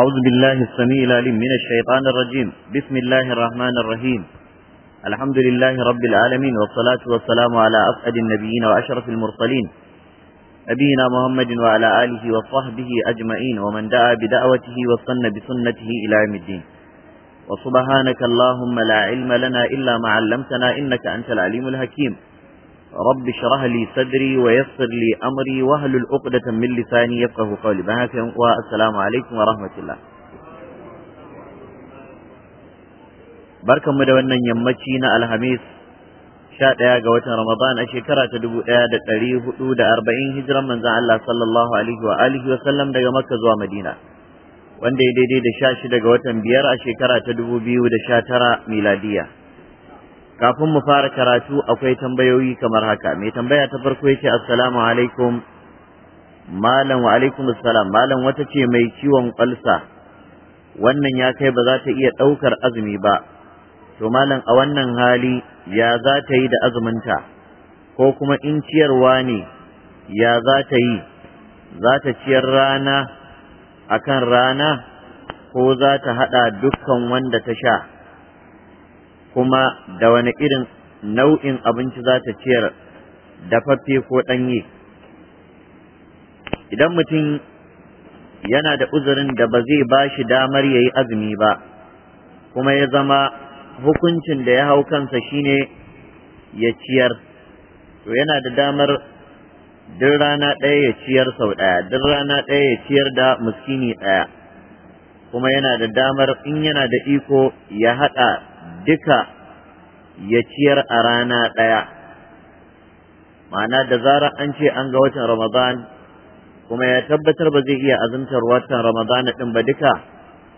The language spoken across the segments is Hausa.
أعوذ بالله السميع العليم من الشيطان الرجيم بسم الله الرحمن الرحيم الحمد لله رب العالمين والصلاة والسلام على أسعد النبيين وأشرف المرسلين أبينا محمد وعلى آله وصحبه أجمعين ومن دعا بدعوته وصن بسنته إلى عم الدين وسبحانك اللهم لا علم لنا إلا ما علمتنا إنك أنت العليم الحكيم رب شرح لي صدري ويسر لي أمري وهل العقدة من لساني يفقه قولي بهاك والسلام عليكم ورحمة الله بركة مدونا يمتشينا الهميس شاء ga watan Ramadan a shekara ta dubu ɗaya da ɗari hudu da arba'in hijiran manzan Allah sallallahu alaihi wa sallam daga maka zuwa Madina wanda ya daidai da sha shida ga watan biyar a shekara ta dubu biyu da sha tara miladiya. kafin mu fara karatu akwai tambayoyi kamar haka mai tambaya ta farko yace assalamu alaikum malam wa alaikum assalam malam wata ce mai ciwon kwalsa wannan ya kai ba za ta iya ɗaukar azumi ba to malam a wannan hali ya za ta yi da azuminta ko kuma in ciyarwa ne ya za ta yi za ta ciyar rana akan rana ko za ta haɗa dukkan wanda ta sha kuma da wani irin nau'in abinci za ta ciyar dafaffe ko ɗanye idan mutum yana da uzurin da ba zai ba shi damar ya yi azumi ba kuma ya zama hukuncin da ya hau kansa shine ya ciyar to yana da damar duk rana ɗaya ya ciyar sau ɗaya duk rana ɗaya ya ciyar da muskini ɗaya kuma yana da damar in yana da iko ya haɗa duka ya ciyar a rana ɗaya ma'ana da zarar an ce an ga watan ramadan kuma ya tabbatar ba zai iya azumtar watan ramadan ɗin ba duka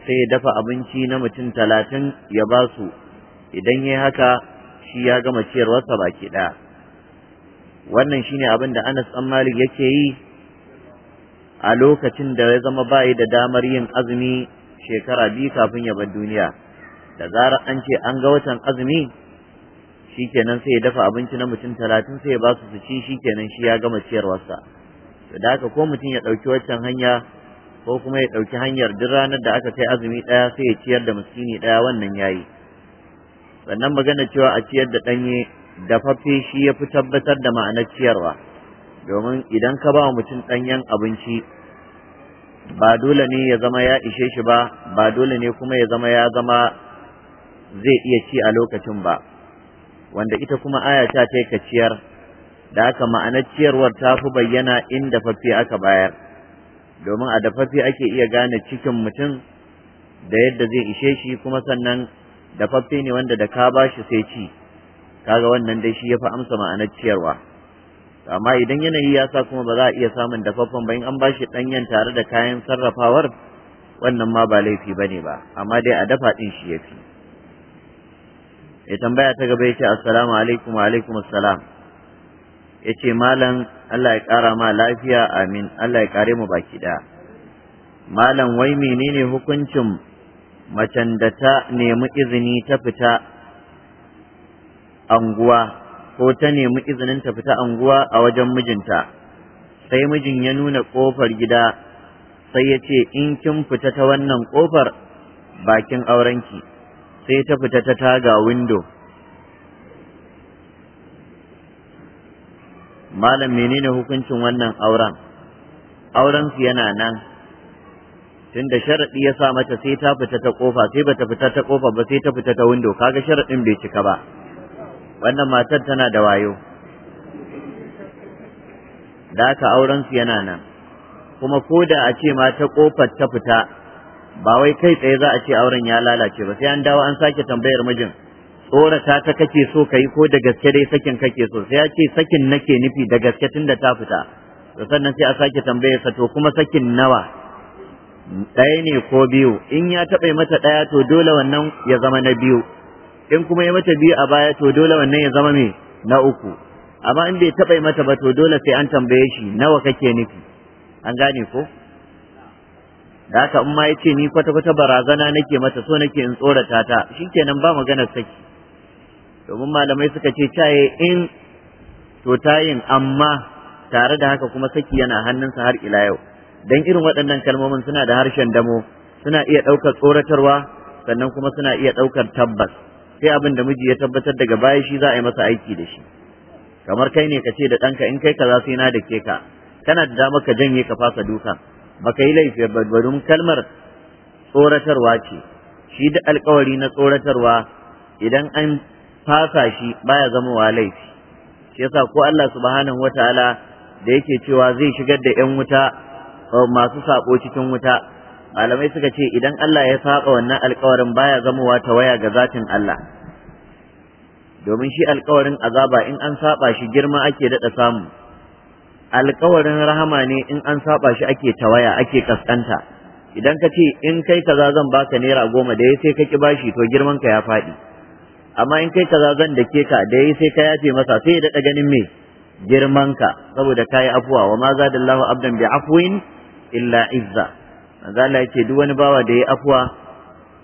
sai ya dafa abinci na mutum talatin ya ba su idan ya haka shi ya gama ciyarwarsa baki ɗaya wannan shi ne abin da anas ɗan malik yake yi a lokacin da ya zama bayi da damar yin azumi shekara biyu kafin ya bar duniya da zarar an ce an ga watan azumi shikenan sai ya dafa abinci na mutum talatin sai ya ba su su ci shikenan shi ya gama ciyarwarsa to da haka ko mutum ya ɗauki waccan hanya ko kuma ya ɗauki hanyar duk ranar da aka kai azumi ɗaya sai ya ciyar da miskini ɗaya wannan ya yi, sannan magana cewa a ciyar da ɗanye dafaffe shi ya fi tabbatar da ma'anar ciyarwa domin idan ka ba mutum ɗanyen abinci ba dole ne ya zama ya ishe shi ba ba dole ne kuma ya zama ya zama zai iya ci a lokacin ba wanda ita kuma aya ta ta ka ciyar da aka ma'anar ciyarwar ta fi bayyana in dafaffe aka bayar domin a dafaffe ake iya gane cikin mutum da yadda zai ishe shi kuma sannan dafaffe ne wanda da ka ba shi sai ci kaga wannan dai shi ya fi amsa ma'anar ciyarwa amma idan yanayi ya sa kuma ba za a iya samun dafaffen ba in an ba shi ɗanyen tare da kayan sarrafawar wannan ma ba laifi ba ne ba amma dai a dafa ɗin shi ya fi ya tambaya ta gaba yace assalamu alaikum wa alaikum assalam yace malam Allah ya kara ma lafiya amin Allah ya kare mu baki ɗaya'. malam wai menene hukuncin macen da ta nemi izini ta fita anguwa ko ta nemi izinin ta fita anguwa a wajen mijinta sai mijin ya nuna ƙofar gida sai ya ce in kin fita ta wannan ƙofar, bakin aurenki sai ta fita ta taga window malam menene hukuncin wannan auren auren su yana nan tunda sharadi ya sa mata sai ta fita ta kofa sai bata fita ta kofa ba sai ta fita ta window kaga sharadin bai cika ba wannan matar tana da wayo da haka auren su yana nan kuma ko da a ce ma ta kofar ta fita ba wai kai tsaye za a ce auren ya lalace ba sai an dawo an sake tambayar mijin tsorata ta kake so ka yi ko da gaske dai sakin kake so sai ya ce sakin nake nufi da gaske tun da ta fita to sannan sai a sake tambayar sa to kuma sakin nawa ɗaya ne ko biyu in ya taɓa mata ɗaya to dole wannan ya zama na biyu in kuma ya mata biyu a baya to dole wannan ya zama me na uku amma in bai taɓa mata ba to dole sai an tambaye shi nawa kake nufi an gane ko da haka in ma ya ce ni kwata-kwata barazana nake mata so nake in tsorata ta shi kenan ba maganar saki domin malamai suka ce caye in to tayin amma tare da haka kuma saki yana hannunsa har ila yau dan irin waɗannan kalmomin suna da harshen damo suna iya ɗaukar tsoratarwa sannan kuma suna iya ɗaukar tabbas sai abin da miji ya tabbatar daga baya shi za a yi masa aiki da shi kamar kai ne ka ce da ɗanka in kai kaza sai na da ke ka kana da damar ka janye ka fasa dukan baka yi laifi ba domin kalmar tsoratarwa ce shi da alkawari na tsoratarwa idan an fasa shi baya zama wa laifi shi yasa ko Allah subhanahu wataala da yake cewa zai shigar da yan wuta masu sako cikin wuta malamai suka ce idan Allah ya saba wannan alkawarin baya zama wa waya ga zatin Allah domin shi alkawarin azaba in an saba shi girma ake daɗa samu alkawarin rahama ne in an saba shi ake tawaya ake kaskanta idan ka ce in kai kaza zan baka naira goma da ya sai ka ki bashi to girman ka ya faɗi amma in kai kaza zan dake ka da yayi sai ka yafe masa sai ya daɗa ganin me girman ka saboda kayi afuwa wa ma zadallahu abdan bi afwin illa izza manzo Allah yake duk wani bawa da yayi afuwa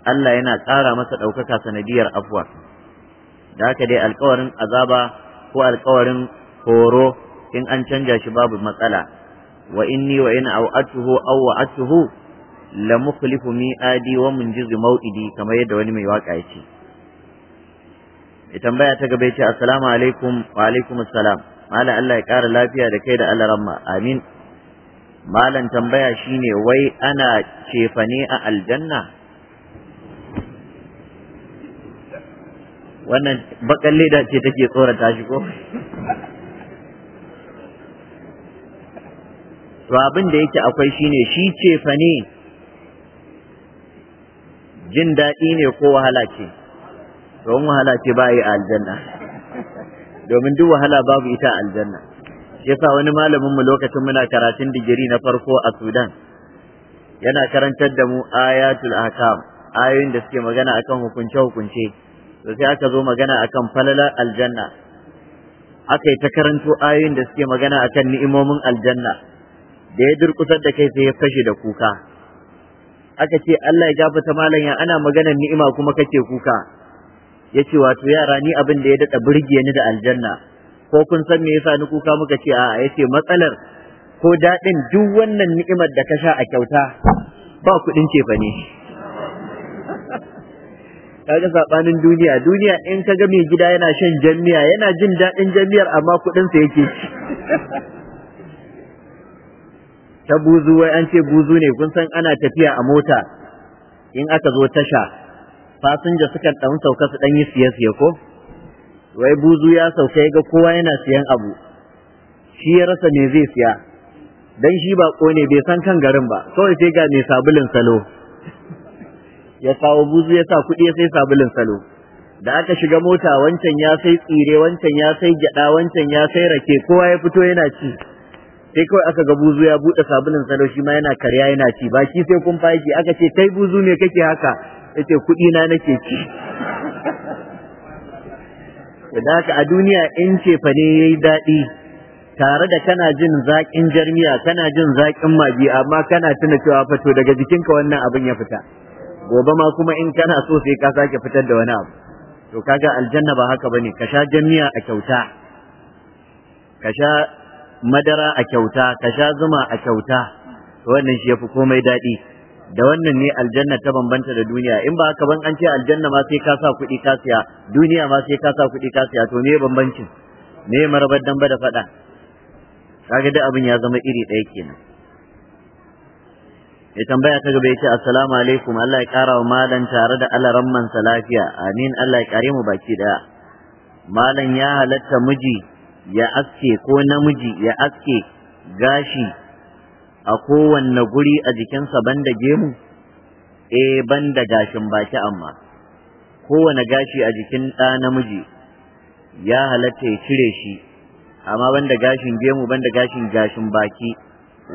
Allah yana ƙara masa ɗaukaka sanadiyar afuwa da haka dai alkawarin azaba ko alƙawarin horo in an canja shi babu matsala wa inni wa in au'atuhu aw wa'atuhu la mukhlifu mi'adi wa munjizu maw'idi kamar yadda wani mai waka yace tambaya ta gaba yace assalamu alaikum wa alaikum assalam mala Allah ya kara lafiya da kai da Allah ramma amin malan tambaya shine wai ana cefane a aljanna wannan bakalle leda ce take tsorata shi ko to abin da yake akwai shine shi cefa ne jin daɗi ne ko wahala ce domin wahala ce ba yi a aljanna domin duk wahala babu ita a aljanna shi yasa wani malamin mu lokacin muna karatun digiri na farko a Sudan yana karantar da mu ayatul ahkam ayoyin da suke magana akan hukunce hukunce to sai aka zo magana akan falalar aljanna aka yi ta karanto ayoyin da suke magana akan ni'imomin aljanna da ya durkusar da kai sai ya fashe da kuka aka ce Allah ya gafarta malam ya ana maganar ni'ima kuma kake kuka yace wato yara ni abin da ya dada burge ni da aljanna ko kun san me yasa ni kuka muka ce a'a yace matsalar ko daɗin duk wannan ni'imar da ka sha a kyauta ba kuɗin fa ne kaga sabanin duniya duniya in ka ga mai gida yana shan jamiya yana jin daɗin jamiyar amma sa yake ci ta buzu wai an ce buzu ne kun san ana tafiya a mota in aka zo tasha fasinja suka ɗan sauka su ɗan yi siye-siye ko wai buzu ya sauka ga kowa yana siyan abu shi ya rasa me zai siya dan shi ba ne bai san kan garin ba kawai sai ga mai sabulin salo ya kawo buzu ya sa kuɗi ya sai sabulin salo da aka shiga mota wancan ya sai tsire wancan ya sai gyada wancan ya sai rake kowa ya fito yana ci sai kawai aka ga buzu ya buɗe sabulin salo shi ma yana karya yana ci ba shi sai kun fahimci aka ce kai buzu ne kake haka ce kuɗi na nake ci da haka a duniya in ce fa ne yi daɗi tare da kana jin zaƙin jarmiya kana jin zaƙin magi amma kana tuna cewa fito daga jikinka wannan abin ya fita gobe ma kuma in kana so sai ka sake fitar da wani abu to kaga aljanna ba haka bane ka sha jarmiya a kyauta ka sha madara a kyauta ka sha zuma a kyauta wannan shi yafi komai daɗi da wannan ne aljanna ta bambanta da duniya in ba haka ban an ce aljanna ma sai ka sa kuɗi ka siya duniya ma sai ka sa kuɗi ka siya to me bambancin me marabar dan ba da faɗa kaga da abin ya zama iri ɗaya kenan ya tambaya ta gaba yace assalamu alaikum Allah ya kara wa malan tare da alaran mansa lafiya amin Allah ya kare mu baki daya malan ya halatta miji ya aske ko namiji ya aske gashi a kowanne guri a jikinsa banda gemu eh banda gashin baki amma kowane gashi a jikin ɗa namiji ya halatta ya cire shi amma banda gashin gemu banda gashin gashin baki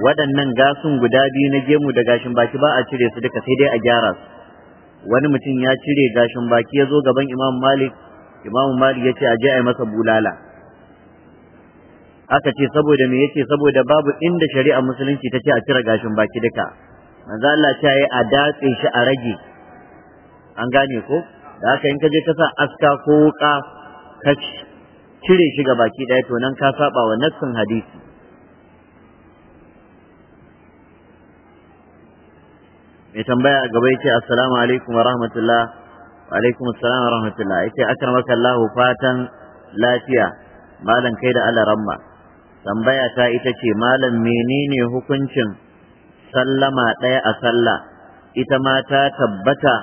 waɗannan gasun guda biyu na gemu da gashin baki ba a cire su duka sai dai a gyara su wani mutum ya cire gashin baki ya zo gaban imam malik imam malik ya ce a je a yi masa bulala aka ce saboda me yace saboda babu inda shari'a musulunci ta ce a cire gashin baki duka manzo Allah ta yi a datse shi a rage an gane ko da haka in ka je ka sa aska ko wuka ka cire shi ga baki daya to nan ka saba wa nassin hadisi mai tambaya a gaba yace assalamu alaikum wa rahmatullah wa alaikum assalam wa rahmatullah yace akramaka Allah fatan lafiya malam kai da alaramma tambaya ta ita ce malam menene hukuncin sallama ɗaya a sallah ita ma ta tabbata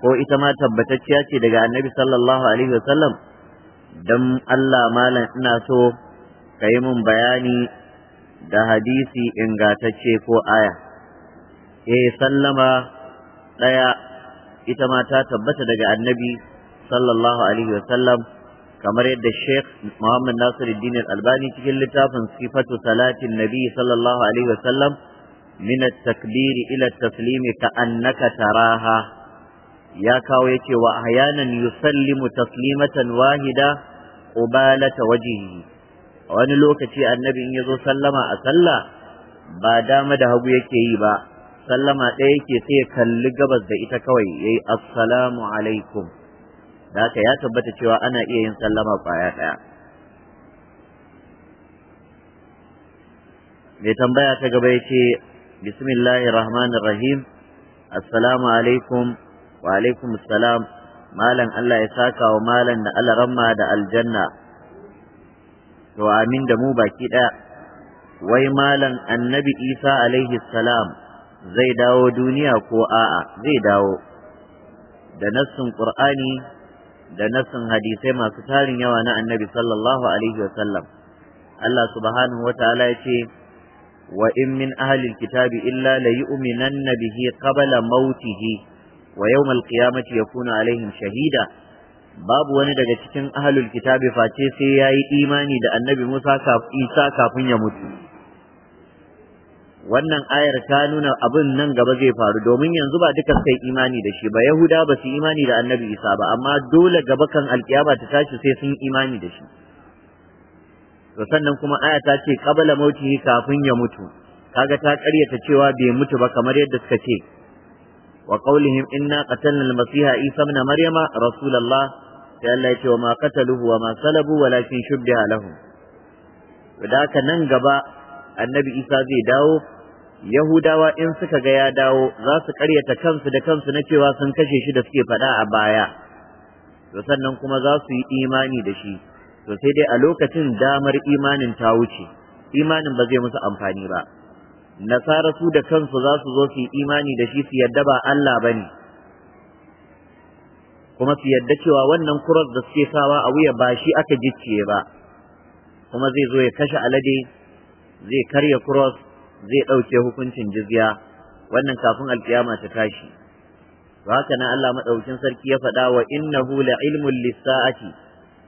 ko ita ma tabbatacciya ce daga annabi sallallahu alaihi wasallam don Allah malam ina so ka yi mun bayani da hadisi ingatacce ko aya eh sallama ɗaya ita ma ta tabbata daga annabi sallallahu alaihi wasallam kamar yadda Sheikh Muhammad Nasiruddin Al-Albani cikin littafin Sifatu Salatin Nabi sallallahu alaihi wasallam min at takbiri ila at ta ka'annaka taraha ya kawo yace wa ahyanan yusallimu taslimatan wahida qubalata wajhihi wani lokaci annabi in yazo sallama a sallah ba dama da hagu yake yi ba sallama ɗaya yake sai ya kalli gabas da ita kawai yayi assalamu alaikum da haka ya tabbata cewa ana iya yin sallama kwaya ɗaya mai tambaya ta gaba ya ce bismillahir assalamu alaikum wa alaikum assalam malam Allah ya saka wa malam da alaramma da aljanna to amin da mu baki ɗaya wai malam annabi isa alaihi salam zai dawo duniya ko a'a zai dawo da nassin qur'ani da nassin hadisai masu tarin yawa na annabi sallallahu alaihi Allah subhanahu wataala ya ce wa in min kitabi illa la yu'minanna bihi qabla mautihi wa yawmal qiyamati yakunu alaihim shahida babu wani daga cikin ahlul kitabi face sai yayi imani da annabi Musa Isa kafin ya mutu wannan ayar ta nuna abin nan gaba zai faru domin yanzu ba duka sai imani da shi ba yahuda ba su imani da annabi isa ba amma dole gaba kan alkiyama ta tashi sai sun imani da shi to sannan kuma aya ta ce qabala mautihi kafin ya mutu kaga ta karyata cewa bai mutu ba kamar yadda suka ce wa qaulihim inna qatalna al-masiha isa ibn maryama rasulullah sai Allah ya ce wa ma qataluhu wa ma salabu walakin shubbiha lahum da nan gaba annabi isa zai dawo yahudawa in suka ga ya dawo za su karyata kansu da kansu na cewa sun kashe shi da suke faɗa a baya to sannan kuma za su yi imani da shi to sai dai a lokacin damar imanin ta wuce imanin ba zai musu amfani ba nasara su da kansu za su zo su yi imani da shi su yadda ba Allah ba ne kuma su yadda cewa wannan kuros da suke sawa a wuya ba shi aka gicciye ba kuma zai zo ya kashe alade zai karya cross zai ɗauke hukuncin jizya wannan kafin alkiyama ta tashi to haka nan Allah madaukin sarki ya faɗa wa innahu hula ilmun lis-sa'ati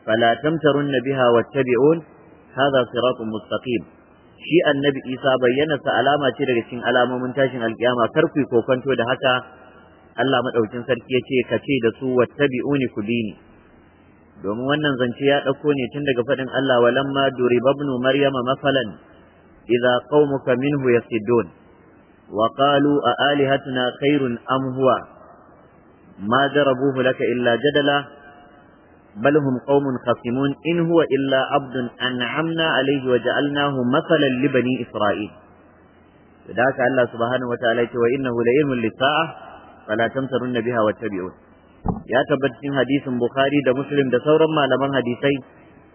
fala tamtarunna biha wattabi'un hadha siratun mustaqim shi annabi Isa bayyana sa alama ce daga cikin alamomin tashin alkiyama kar ku kokonto da haka Allah madaukin sarki ce ka ce da su wattabi'uni ku bini domin wannan zance ya ɗauko ne tun daga faɗin Allah walamma duribabnu maryama masalan إذا قومك منه يصدون وقالوا أآلهتنا خير أم هو ما جربوه لك إلا جدلا بل هم قوم خصمون إن هو إلا عبد أنعمنا عليه وجعلناه مثلا لبني إسرائيل ذاك الله سبحانه وتعالى وإنه لعلم للساعة فلا تمترن بها واتبعون يا تبت حديث بخاري ده مسلم ده ثورا ما لمن حديثين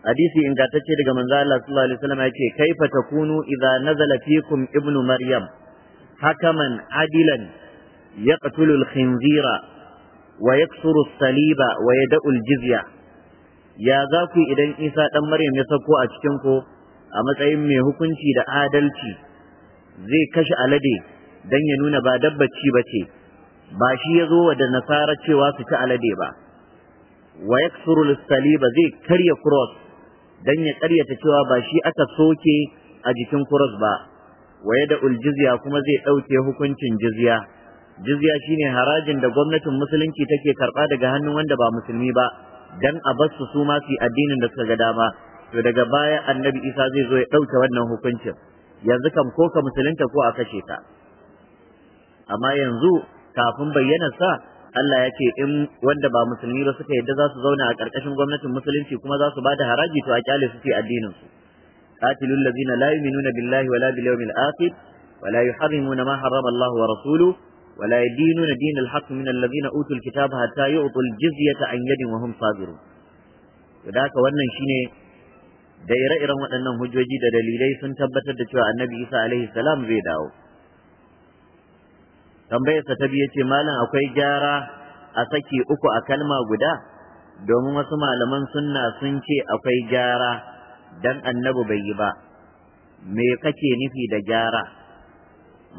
hadisi ingantacce daga manzo Allah sallallahu alaihi wasallam yace kaifa takunu idza nazala fikum ibnu maryam hakaman adilan yaqtulu al-khinzira wa yaksuru as-saliba wa yad'u jizya ya za ku idan Isa dan Maryam ya sako a cikin ku a matsayin mai hukunci da adalci zai kashe alade dan ya nuna ba dabbaci bace ba shi ya zo da nasara cewa su ci alade ba wa yaksuru saliba zai karya cross dan ya ƙaryata cewa ba shi aka soke a jikin kuros ba waye da uljizya kuma zai ɗauke hukuncin jizya jizya shine harajin da gwamnatin musulunci take karɓa daga hannun wanda ba musulmi ba dan a basu su ma su addinin da suka ga dama to daga baya annabi isa zai zo ya ɗauke wannan hukuncin yanzu kam ko ka musulunta ko a kashe ka amma yanzu kafin bayyana sa Allah ya ce in wanda ba musulmi ba suka yadda za su zauna a ƙarƙashin gwamnatin musulunci kuma za su ba da haraji to a kyale su ce addinin su qatilul ladzina la yu'minuna billahi wala bil yawmil akhir wala yuharrimuna ma harrama Allah wa rasuluhu wala yadinuna dinal haqq min alladhina utul kitaba hatta yu'tul jizyata an yadin wa hum sabirun da haka wannan shine da ire-iren waɗannan hujjoji da dalilai sun tabbatar da cewa annabi Isa alaihi salam zai dawo tambayarsa ta biyu ce malam akwai gyara a saki uku a kalma guda domin wasu malaman sunna sun ce akwai gyara dan annabi bai yi ba me kake nufi da gyara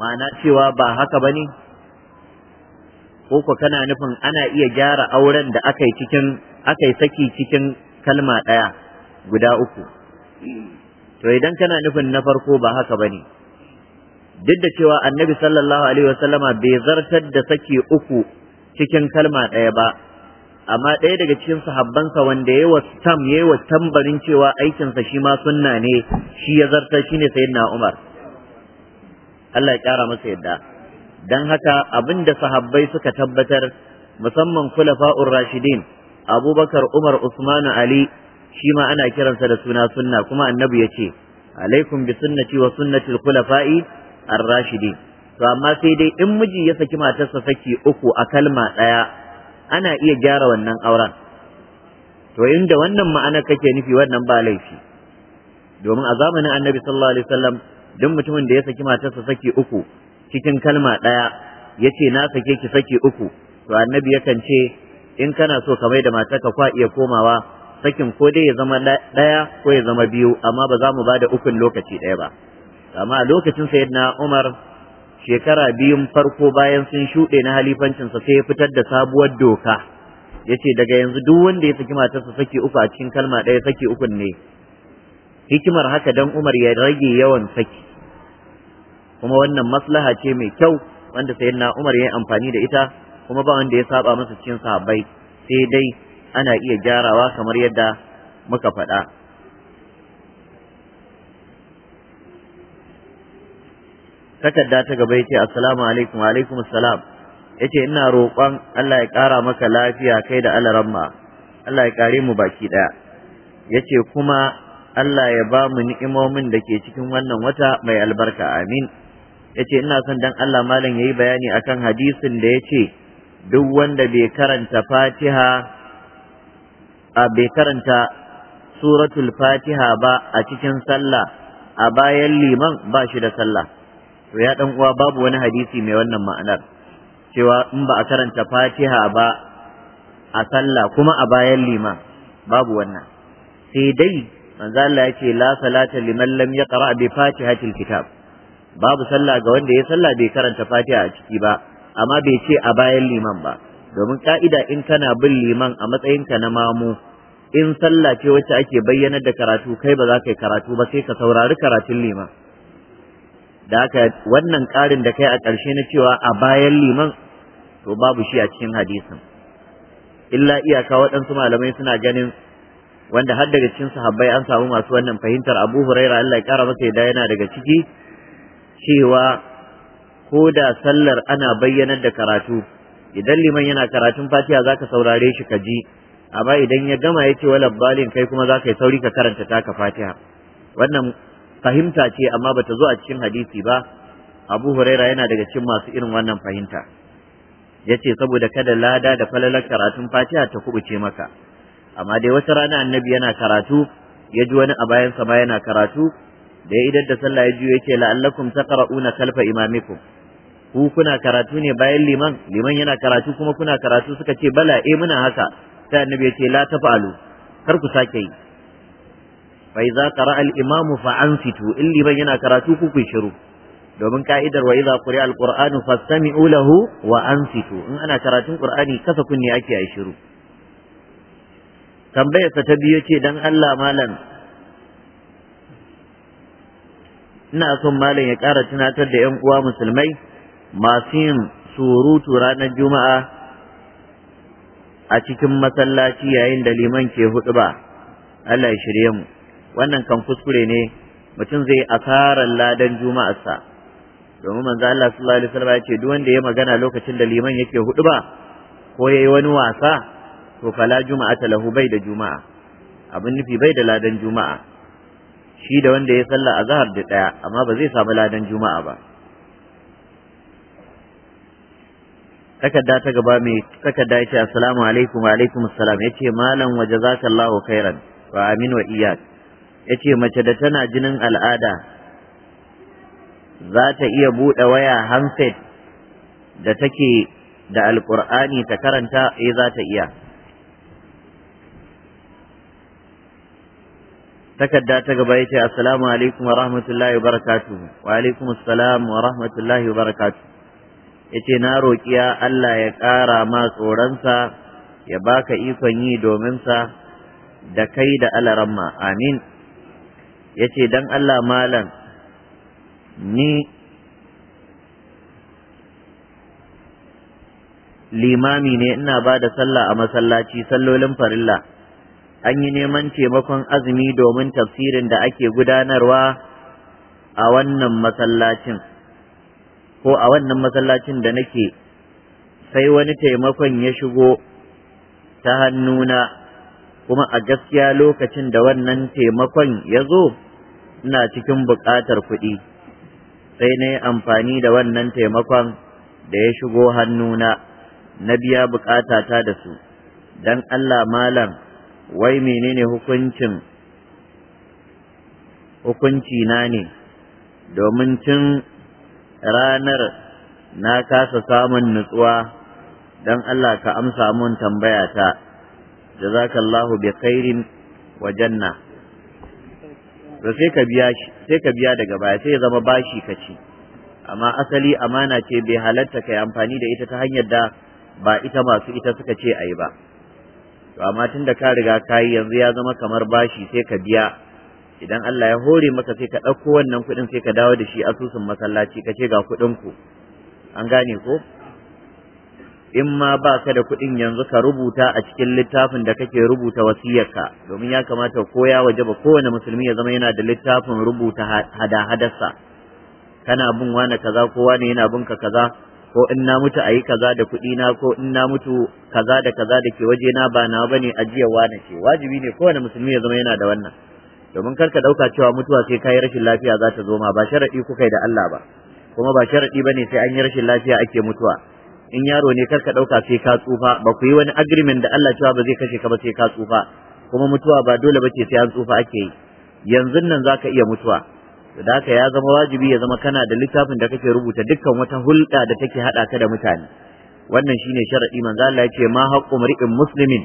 ma'ana cewa ba haka bane ne? ko kana nufin ana iya gyara auren da aka cikin aka saki cikin kalma ɗaya guda uku to idan kana nufin na farko ba haka bane duk da cewa annabi sallallahu alaihi wasallama bai zartar da saki uku cikin kalma ɗaya ba amma ɗaya daga cikin sahabbansa wanda ya wa tam ya wa tambarin cewa aikinsa shi ma sunna ne shi ya zartar shi ne sayyidina Umar Allah ya ƙara masa yadda dan haka abin da sahabbai suka tabbatar musamman kulafa'ur rashidin abubakar umar usmanu ali shi ma ana kiransa da suna sunna kuma annabi ya ce alaikum bi sunnati wa sunnati al-khulafa'i ar-rashidi to amma sai dai in miji ya saki matarsa saki uku a kalma ɗaya ana iya gyara wannan auren to inda wannan ma'ana kake nufi wannan ba laifi domin a zamanin annabi sallallahu alaihi wasallam duk mutumin da ya saki matarsa saki uku cikin kalma ɗaya ya ce na sake ki saki uku to annabi yakan ce in kana so ka mai da ka kwa iya komawa sakin ko dai ya zama ɗaya ko ya zama biyu amma ba za mu ba da ukun lokaci ɗaya ba amma lokacin sayyidina Umar shekara biyun farko bayan sun shuɗe na halifancinsa sai ya fitar da sabuwar doka yace daga yanzu duk wanda ya saki matarsa saki uku a cikin kalma ɗaya saki uku ne hikimar haka dan Umar ya rage yawan saki kuma wannan maslaha ce mai kyau wanda sayyidina Umar ya yi amfani da ita kuma ba wanda ya saba masa cikin sahabbai sai dai ana iya gyarawa kamar yadda muka faɗa takarda ta gaba yace assalamu alaikum wa alaikum assalam yace ina roƙon Allah ya ƙara maka lafiya kai da alaramma Allah ya kare mu baki daya yace kuma Allah ya ba mu ni'imomin da ke cikin wannan wata mai albarka amin yace ina son dan Allah malam yayi bayani akan hadisin da yace duk wanda bai karanta Fatiha a bai karanta suratul Fatiha ba a cikin sallah a bayan liman ba shi da sallah to ya dan uwa babu wani hadisi mai wannan ma'anar cewa in ba a karanta fatiha ba a sallah kuma a bayan lima babu wannan sai dai manzo Allah ya ce la salata liman lam yaqra bi fatihatil kitab babu sallah ga wanda ya sallah bai karanta fatiha a ciki ba amma bai ce a bayan liman ba domin ka'ida in kana bin liman a matsayinka na mamu in sallah ce wacce ake bayyanar da karatu kai ba za ka yi karatu ba sai ka saurari karatun liman da aka wannan ƙarin da kai a ƙarshe na cewa a bayan liman to babu shi a cikin hadisin illa iyaka waɗansu malamai suna ganin wanda har daga cikin sahabbai an samu masu wannan fahimtar abu huraira Allah ya ƙara masa da yana daga ciki cewa ko da sallar ana bayyanar da karatu idan liman yana karatun fatiha zaka saurare shi ka ji amma idan ya gama ya ce balin kai kuma zaka yi sauri ka karanta taka fatiha wannan fahimta ce amma bata zo a cikin hadisi ba abu huraira yana daga cikin masu irin wannan fahimta yace saboda kada lada da falalar karatun fatiha ta kubuce maka amma dai wata rana annabi yana karatu ya ji wani a bayan sa ma yana karatu da ya idar da sallah ya juyo yake la'allakum taqra'una kalfa imamikum ku kuna karatu ne bayan liman liman yana karatu kuma kuna karatu suka ce bala eh muna haka sai annabi yace ce la tafalu kar ku sake yi fa idza qara'a al-imamu fa ansitu in liban yana karatu ku ku shiru domin ka'idar wa idza quri'a al-qur'anu fastami'u lahu wa ansitu in ana karatun qur'ani kasa kunne ake ayi shiru tambaya ta biyu ce dan Allah malam ina son malam ya ƙara tunatar da 'yan uwa musulmai masu yin surutu ranar juma'a a cikin masallaci yayin da liman ke hudu ba Allah ya shirye mu wannan kan kuskure ne mutum zai asarar ladan juma'arsa domin manzo Allah sallallahu alaihi wasallam ya ce duk wanda ya magana lokacin da liman yake ba, ko yayi wani wasa to fala juma'ata lahu bai da juma'a abin nufi bai da ladan juma'a shi da wanda ya sallah azhar da daya amma ba zai samu ladan juma'a ba Takadda ta gaba mai takarda ya ce assalamu alaikum wa alaikum assalam ya ce malam wa jazakallahu khairan wa amin wa iyyak yace mace da tana jinin al'ada za ta iya buɗe waya handset da take da alƙur'ani ta karanta eh za ta iya takarda ta gaba yace assalamu alaikum wa rahmatullahi wa barakatuh wa alaikum assalam wa rahmatullahi wa barakatuh yace na roƙiya Allah ya ƙara ma tsoronsa ya baka ikon yi domin sa da kai da alaramma amin Yace, ce don Allah malam ni limami ne ina ba da sallah a masallaci sallolin farilla an yi neman taimakon azumi domin tafsirin da ake gudanarwa a wannan masallacin ko a wannan masallacin da nake sai wani taimakon ya shigo ta hannuna kuma a gaskiya lokacin da wannan taimakon ya zo ina cikin buƙatar kuɗi sai na yi amfani da wannan taimakon da ya shigo hannuna na biya buƙatata da su don Allah malam wai menene hukuncin hukunci na ne domin cin ranar na kasa samun nutsuwa don Allah ka amsa mun tambaya ta jazakallahu bi khairin wa janna to sai ka biya sai ka biya daga baya sai ya zama bashi ka ci amma asali amana ce bai halatta kai amfani da ita ta hanyar da ba ita masu ita suka ce ayi ba to amma tunda ka riga ka yi yanzu ya zama kamar bashi sai ka biya idan Allah ya hore maka sai ka ɗauko wannan kuɗin sai ka dawo da shi asusun masallaci ka ce ga kuɗin ku an gane ko in ma ba ka da kuɗin yanzu ka rubuta a cikin littafin da kake rubuta wasiyarka domin ya kamata ko ya waje ba kowane musulmi ya zama yana da littafin rubuta hada-hadarsa kana bin wani kaza ko wani yana bin ka kaza ko in na mutu a yi kaza da kuɗi na ko in na mutu kaza da kaza da ke waje na ba na bane ajiyar wani ce wajibi ne kowane musulmi ya zama yana da wannan domin kar ka ɗauka cewa mutuwa sai kayi rashin lafiya za ta zo ma ba sharaɗi kuka da Allah ba kuma ba sharaɗi ba ne sai an yi rashin lafiya ake mutuwa in yaro ne karka ɗauka sai ka tsufa ba ku yi wani agreement da Allah cewa ba zai kashe ka ba sai ka tsufa kuma mutuwa ba dole ba ce sai an tsufa ake yi yanzu nan zaka iya mutuwa da haka ya zama wajibi ya zama kana da littafin da kake rubuta dukkan wata hulɗa da take haɗa ka da mutane wannan shine sharadi manzo Allah ya ce ma haqqu mar'in muslimin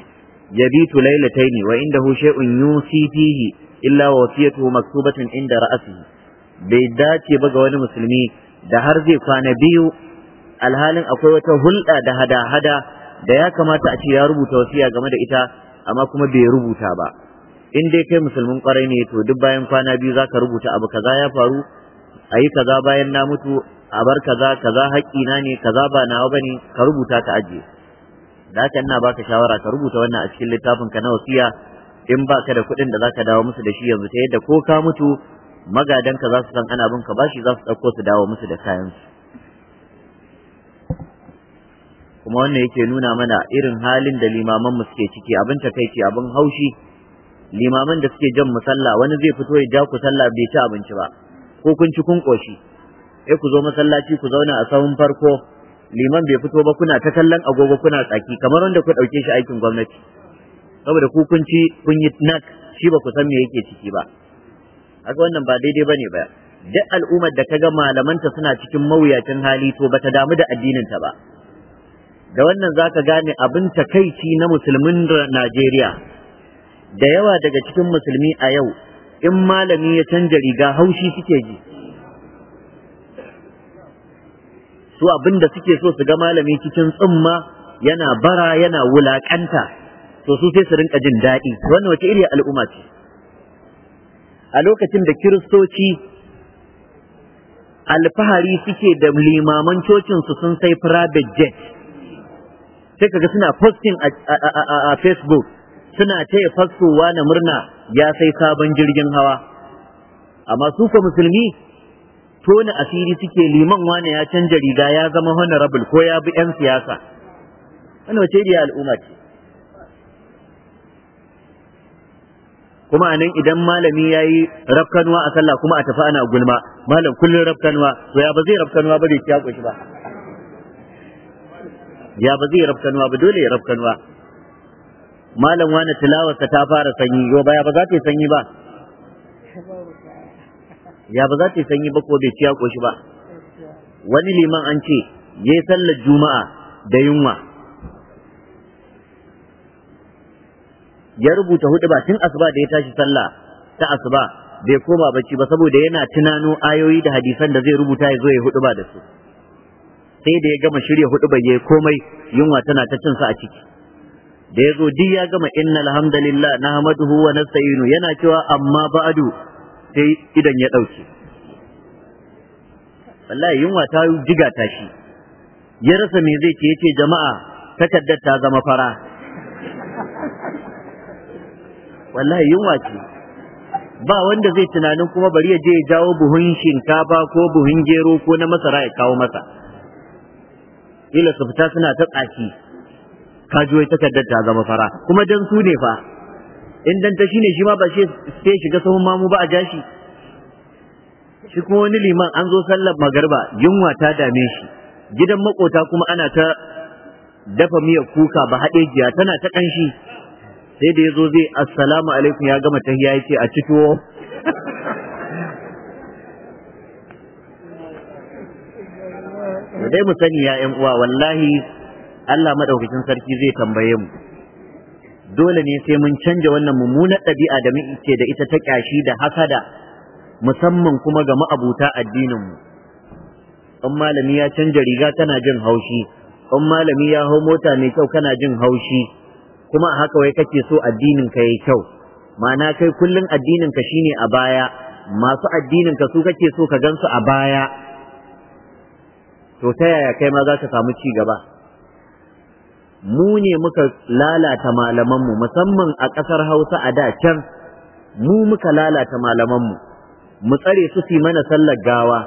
yabitu laylataini wa indahu shay'un yusi fihi illa wasiyatuhu maktubatun inda ra'sihi bai dace ba ga wani musulmi da har zai kwana biyu alhalin akwai wata hulɗa da hada-hada da ya kamata a ce ya rubuta wasiya game da ita amma kuma bai rubuta ba in dai kai musulmin kwarai ne to duk bayan kwana biyu za ka rubuta abu kaza ya faru a yi kaza bayan na mutu a bar kaza kaza haƙƙina ne kaza ba nawa bane ka rubuta ka ajiye da haka ina baka shawara ka rubuta wannan a cikin littafin ka na wasiya in ba ka da kuɗin da za ka dawo musu da shi yanzu ta yadda ko ka mutu magadanka za su san ana bin ka bashi za su ɗauko su dawo musu da kayansu kuma wannan yake nuna mana irin halin da limaman mu suke ciki abin takaici abin haushi limaman da suke jan musalla wani zai fito ya ja ku sallah bai ci abinci ba ko kun ci kun koshi eh ku zo masallaci ku zauna a sahun farko liman bai fito ba kuna ta kallon agogo kuna tsaki kamar wanda ku dauke shi aikin gwamnati saboda ku kun ci kun yi nak shi ba ku san me yake ciki ba haka wannan ba daidai bane ba duk al'ummar da kaga malamanta suna cikin mawuyacin hali to bata damu da addinin ta ba da wannan zaka gane abin takaici na musulmin Najeriya da yawa daga cikin musulmi a yau in malami ya canja riga haushi suke ji su abin suke so su ga malami cikin tsumma yana bara yana wulakanta to su sai su rinka jin daɗi wannan wace iri al'umma ce a lokacin da kiristoci alfahari suke da limaman cocinsu sun sai private jet sai kaga suna posting a facebook suna taya wa na murna ya sai sabon jirgin hawa amma su ko musulmi tona asiri suke liman wane ya canja riga ya zama honorable ko ya bi 'yan siyasa wani wace al'umma ce kuma idan malami ya yi rafkanuwa a sallah kuma a tafi ana gulma malam kullum rafkanuwa to ya ba zai rafkanuwa ba zai ciya ba ya ba zai rafkanuwa ba dole ya rafkanuwa malam wani tilawarsa ta fara sanyi yo ya ba za ta yi sanyi ba ya ba za ta yi sanyi ba ko bai ciya koshi ba wani liman an ce ya yi sallar juma'a da yunwa ya rubuta hudu ba tun asuba da ya tashi sallah ta asuba bai koma bacci ba saboda yana tunano ayoyi da hadisan da zai rubuta ya zo ya hudu ba da su sai da ya gama shirya hudu bai yi komai yunwa tana ta cin a ciki da ya zo duk ya gama inna na hamdalillah huwa na nasta'inu yana cewa amma ba'adu sai idan ya dauke wallahi yunwa ta jiga ta shi ya rasa me zai ce yace jama'a takaddar ta zama fara wallahi yunwa ce ba wanda zai tunanin kuma bari ya je ya jawo buhun shinkafa ko buhun gero ko na masara ya kawo masa ila su fita suna ta tsaki ka ji takardar ta zama fara kuma dan su ne fa in dan ta shine shi ma ba shi sai shiga sahun mamu ba a gashi. shi kuma wani liman an zo sallar magarba yunwa ta dame shi gidan makota kuma ana ta dafa miyar kuka ba haɗe jiya tana ta ƙanshi sai da ya zo zai assalamu alaikum ya gama ta ya ce a cikin dai mu sani ya uwa wallahi Allah madaukakin sarki zai tambaye mu dole ne sai mun canja wannan mummunar ɗabi'a da muke da ita ta ƙyashi da hasada musamman kuma ga ma'abuta addinin mu in malami ya canja riga kana jin haushi in malami ya hau mota mai kyau kana jin haushi kuma a haka wai kake so addinin ka yayi kyau ma'ana kai kullum addinin ka shine a baya masu addinin ka su kake so ka gansu a baya to ta yaya kai ma za ka samu ci gaba mu ne muka lalata malamanmu musamman a ƙasar hausa a da can mu muka lalata malamanmu mu tsare su su mana sallar gawa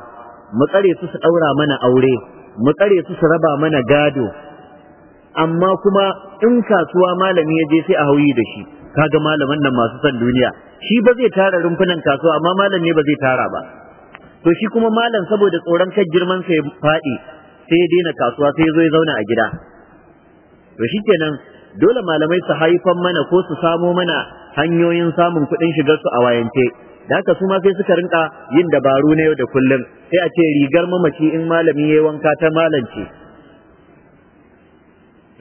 mu tsare su su ɗaura mana aure mu tsare su su raba mana gado amma kuma in kasuwa malami ya je sai a hauyi da shi kaga malaman nan masu son duniya shi ba zai tara rumfunan kasuwa amma malami ba zai tara ba to shi kuma malam saboda tsoron kan girman sa ya faɗi sai ya daina kasuwa sai ya zo ya zauna a gida to shi kenan dole malamai su haifan mana ko su samo mana hanyoyin samun kuɗin shigar su a wayance da haka su ma sai suka rinka yin dabaru na yau da kullum sai a ce rigar mamaci in malami yi wanka ta malance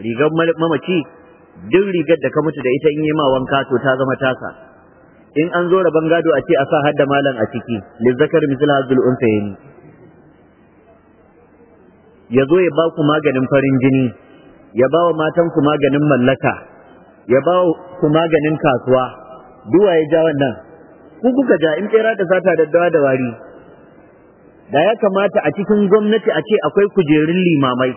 rigar mamaci duk rigar da ka mutu da ita in yi ma wanka to ta zama tasa in an zo rabon gado a ce a sa hadda malam a ciki lizzakar misal hazul unsayni ya zo ya ba ku maganin farin jini ya ba wa matan ku maganin mallaka ya ba ku maganin kasuwa duwa ya ja wannan ku kuka ja in tsera da sata daddawa da wari da ya kamata a cikin gwamnati a ce akwai kujerun limamai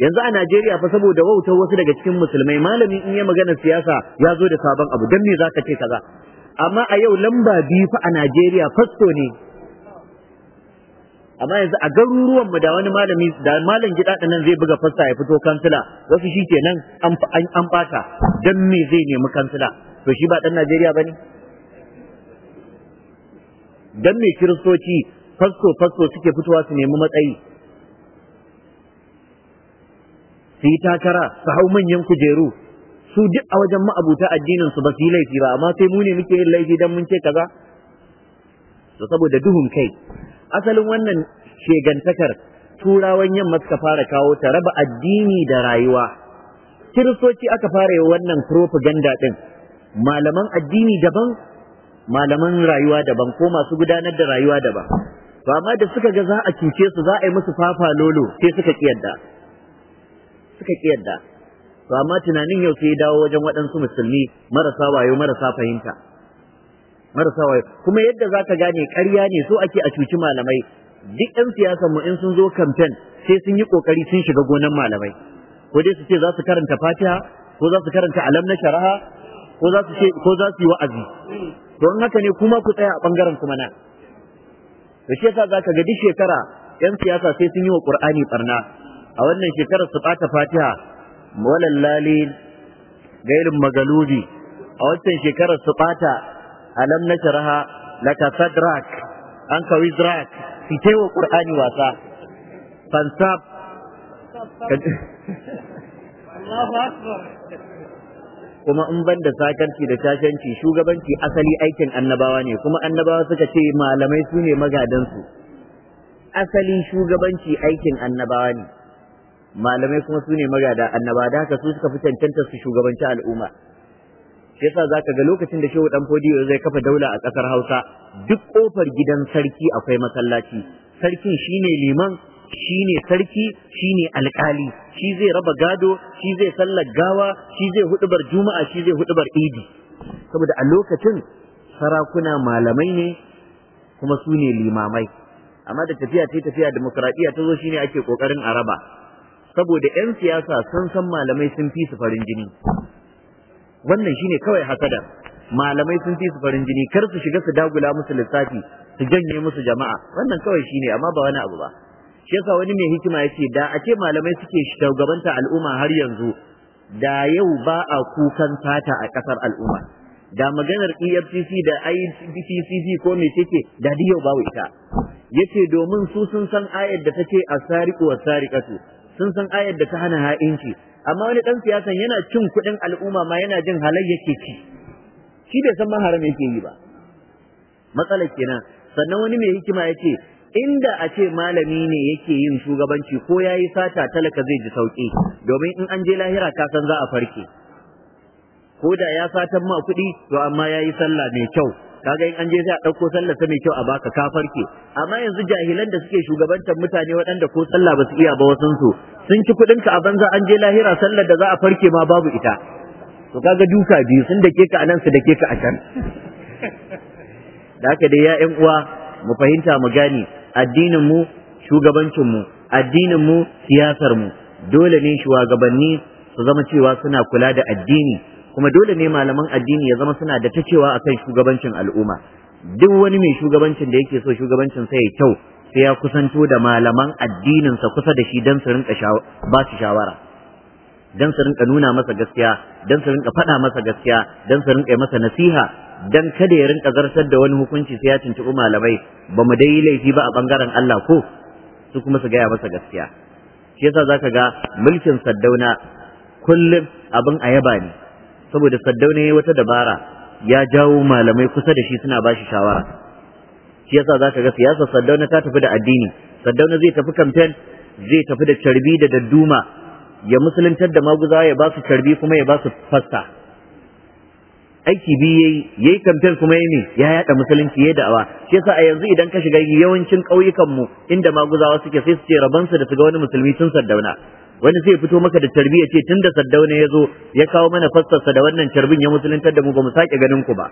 yanzu a Najeriya fa saboda wautar wasu daga cikin musulmai malami in ya magana siyasa ya zo da sabon abu dan me zaka ce kaza amma a yau lamba biyu fa a Najeriya fasto ne amma yanzu a garuruwan mu da wani malami da malam gida nan zai buga fasta ya fito kansila wasu shi kenan an an bata dan me zai nemi kansila to shi ba dan Najeriya bane dan me kiristoci fasto fasto suke fitowa su nemi matsayi su yi takara su hau manyan kujeru su duk a wajen ma'abuta addinin su ba su yi laifi ba amma sai mu ne muke yin laifi dan mun ce kaza to saboda duhun kai asalin wannan shegantakar turawan yamma suka fara kawo ta raba addini da rayuwa kiristoci aka fara yi wannan propaganda din malaman addini daban malaman rayuwa daban ko masu gudanar da rayuwa daban to amma da suka ga za a cuce su za a yi musu fafa lolo sai suka kiyarda suka kiyarda to amma tunanin yau sai ya dawo wajen waɗansu musulmi marasa wayo marasa fahimta marasa wayo kuma yadda za ka gane ƙarya ne so ake a cuci malamai duk 'yan siyasan mu in sun zo kamfen sai sun yi ƙoƙari sun shiga gonan malamai ko dai su ce za su karanta fatiha ko za su karanta alam na sharaha ko za su ko za su yi wa'azi to in haka ne kuma ku tsaya a bangaren kuma na to shi yasa zaka ga duk shekara 'yan siyasa sai sun yi wa Qur'ani barna a wannan shekarar su ɓata fatiha walan Lali, gairin Magaludi, a wancan shekarar su bata alam na sharaha laka sadrak an ka wizrak fite wa qur'ani wasa fansab kuma in ban da sakarci da tashanci shugabanci asali aikin annabawa ne kuma annabawa suka ce malamai su ne magadansu asali shugabanci aikin annabawa ne malamai kuma su ne magada annaba da haka su suka fi cancanta su shugabanci al'umma shi yasa zaka ga lokacin da shehu dan fodiyo zai kafa daula a kasar Hausa duk kofar gidan sarki akwai masallaci sarkin shine liman shine sarki shine alkali shi zai raba gado shi zai sallar gawa shi zai hudubar juma'a shi zai hudubar idi saboda a lokacin sarakuna malamai ne kuma su ne limamai amma da tafiya ta tafiya demokradiya ta zo ne ake kokarin raba. saboda 'yan siyasa sun san malamai sun fi su farin jini wannan shine kawai hasada malamai sun fi su farin jini kar su shiga su dagula musu lissafi su janye musu jama'a wannan kawai shine amma ba wani abu ba shi yasa wani mai hikima yace da a ce malamai suke shugabanta al'umma har yanzu da yau ba a kukan sata a kasar al'umma da maganar EFCC da IPCC ko me take da yau babu ita yace domin su sun san ayar da take asariku wasariqatu sun san ayar da ta hana ha'inci amma wani dan siyasan yana cin kuɗin al'umma ma yana jin halal yake ci shi bai san maharam yake yi ba matsalar kenan sannan wani mai hikima ya ce inda a ce malami ne yake yin shugabanci ko ya yi sata talaka zai ji sauƙi domin in an je lahira ka san za a farke ko da ya satan ma kuɗi to amma ya yi sallah mai kyau kaga in an je sai a ɗauko sallar ta mai kyau a baka ka farke amma yanzu jahilan da suke shugabantar mutane waɗanda ko sallah ba su iya ba wasan su sun ci kuɗin ka a banza an je lahira sallar da za a farke ma babu ita to kaga duka biyu sun dake ka anan su dake ka a can da haka dai ya ƴan uwa mu fahimta mu gane addinin mu shugabancin mu addinin mu siyasar mu dole ne shugabanni su zama cewa suna kula da addini kuma dole ne malaman addini ya zama suna da ta cewa akan shugabancin al'umma duk wani mai shugabancin da yake so shugabancin sa ya kyau sai ya kusanto da malaman addininsa kusa da shi don su rinka ba su shawara don su rinka nuna masa gaskiya don su rinka faɗa masa gaskiya don su rinka masa nasiha don kada ya rinka zartar da wani hukunci sai ya tuntuɓi malamai ba mu dai yi laifi ba a ɓangaren Allah ko su kuma su gaya masa gaskiya shi yasa zaka ga mulkin saddauna kullum abin ayaba ne saboda saddauna ya wata dabara ya jawo malamai kusa da shi suna ba shi shawara shi yasa za ka ga siyasar saddauna ta tafi da addini saddauna zai tafi kamfen zai tafi da carbi da dadduma ya musuluntar da maguzawa ya ba su carbi kuma ya ba su fasta aiki biyu yayi yayi kamfen kuma yayi ne ya yada musulunci yayi da'awa shi yasa a yanzu idan ka shiga yawancin ƙauyukan mu inda maguzawa suke sai su ce rabansu da su ga wani musulmi sun saddauna wani sai fito maka da tarbiya ce tun da saddauna ya zo ya kawo mana fassarsa da wannan tarbin ya musuluntar da mu ba mu sake ganin ku ba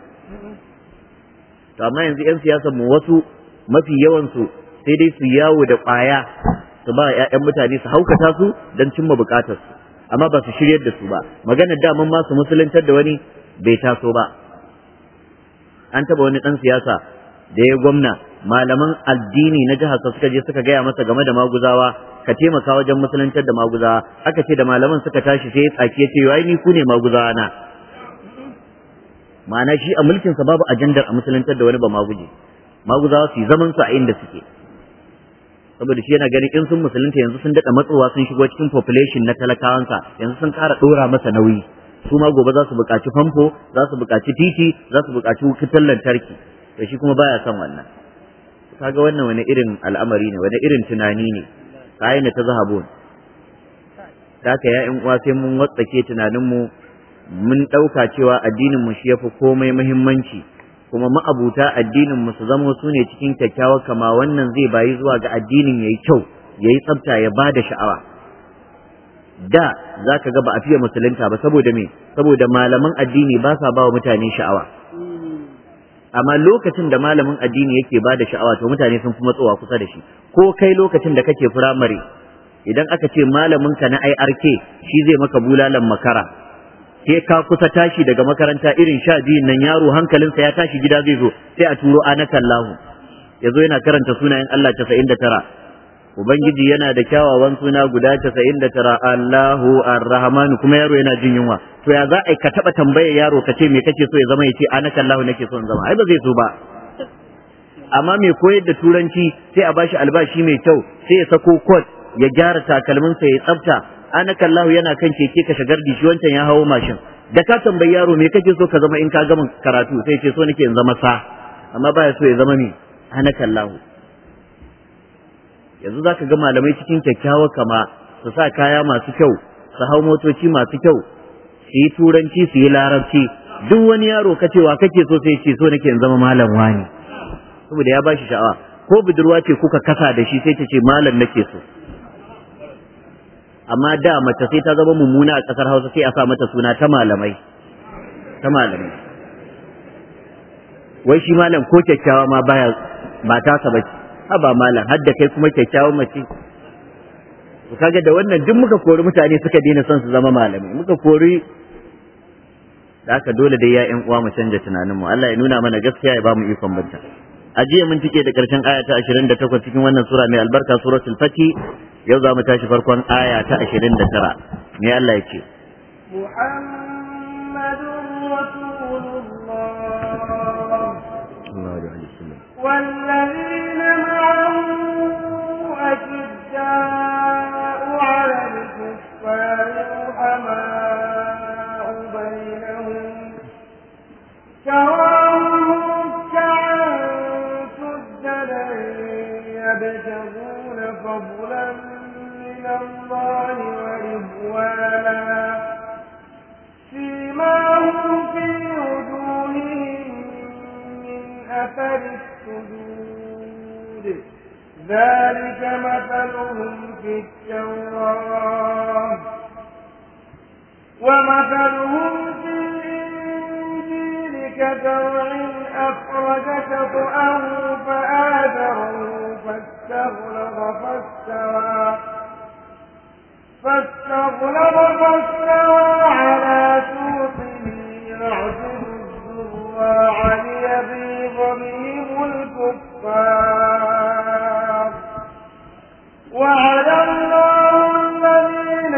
to amma yanzu yan siyasar mu wasu mafi yawan su sai dai su yawo da ƙwaya su ba ƴaƴan mutane su haukata su don cimma buƙatar su amma ba su shiryar da su ba magana daman ma su musuluntar da wani bai taso ba an taba wani ɗan siyasa da ya gwamna malaman addini na jihar suka je suka gaya masa game da maguzawa ka taimaka wajen musuluntar da maguzawa aka ce da malaman suka tashi sai tsaki ya ce wai ni ku ne maguzawa na ma'ana shi a mulkinsa babu ajandar a musuluntar da wani ba maguje maguzawa su yi zaman su a inda suke saboda shi yana ganin in sun musulunta yanzu sun daɗa matsowa sun shigo cikin population na talakawansa yanzu sun ƙara ɗora masa nauyi su ma gobe za su buƙaci famfo za su buƙaci titi za su buƙaci wukitan lantarki to shi kuma baya son wannan kaga wannan wani irin al'amari ne wani irin tunani ne aina ta zahabun ka ya in uwa sai mun watsake tunaninmu mun ɗauka cewa addininmu shi yafi komai muhimmanci kuma ma'abuta addininmu su zama su ne cikin kyakkyawar kama wannan zai bayi zuwa ga addinin ya yi kyau ya yi tsafta ya ba da sha'awa da za ka ga ba a fiye musulunta ba saboda me saboda malaman addini ba sa ba wa mutane sha'awa amma lokacin da malamin addini yake ba da sha'awa to mutane sun fi matsowa kusa da shi ko kai lokacin da kake firamare idan aka ce malamin ka na IRK shi zai maka bulalan makara sai ka kusa tashi daga makaranta irin sha biyun nan yaro hankalinsa ya tashi gida zai zo sai a turo anakan lahu ya zo yana karanta sunayen Allah casa'in da tara ubangiji yana da kyawawan suna guda casa'in da tara Allahu Ar-Rahman kuma yaro yana jin yunwa to ya za a ka taba tambayar yaro ka ce me kake so ya zama ya ce anaka Allahu nake so in zama ai ba zai so ba amma mai koyar da turanci sai a bashi albashi mai kyau sai ya sako kot ya gyara takalminsa ya tsafta anaka Allahu yana kan keke ka shagar da shi wancan ya hawo mashin da ka tambayi yaro me kake so ka zama in ka gama karatu sai ce so nake in zama sa amma baya so ya zama me anaka Allahu yanzu za ka ga malamai cikin kyakkyawar kama su sa kaya masu kyau su hau motoci masu kyau su yi turanci su yi larabci duk wani yaro ka cewa kake so sai ce so nake in zama malam wani saboda ya bashi sha'awa ko budurwa ce kuka kasa da shi sai ta ce malam nake so amma da mace sai ta zama mummuna a kasar Hausa sai a sa mata suna ta malamai ta malamai wai shi malam ko kyakkyawa ma baya ba ta sa bace haba malam har da kai kuma kyakkyawan mace kaga da wannan duk muka kori mutane suka daina son su zama malamai muka kori da haka dole dai ya 'yan uwa mu canja tunaninmu Allah ya nuna mana gaskiya ya ba mu ikon banta a jiya mun tike da karshen aya ta 28 cikin wannan sura mai albarka suratul fati yau za mu tashi farkon aya ta 29 me Allah ya ce مثل السجود ذلك مثلهم في التوراة ومثلهم في الإنجيل كزرع أخرج شطأه فآذره فاستغلظ فاستوى فاستغلظ فاستوى على سوقه يعجب علي ليغيظ الكفار وعلى الله الذين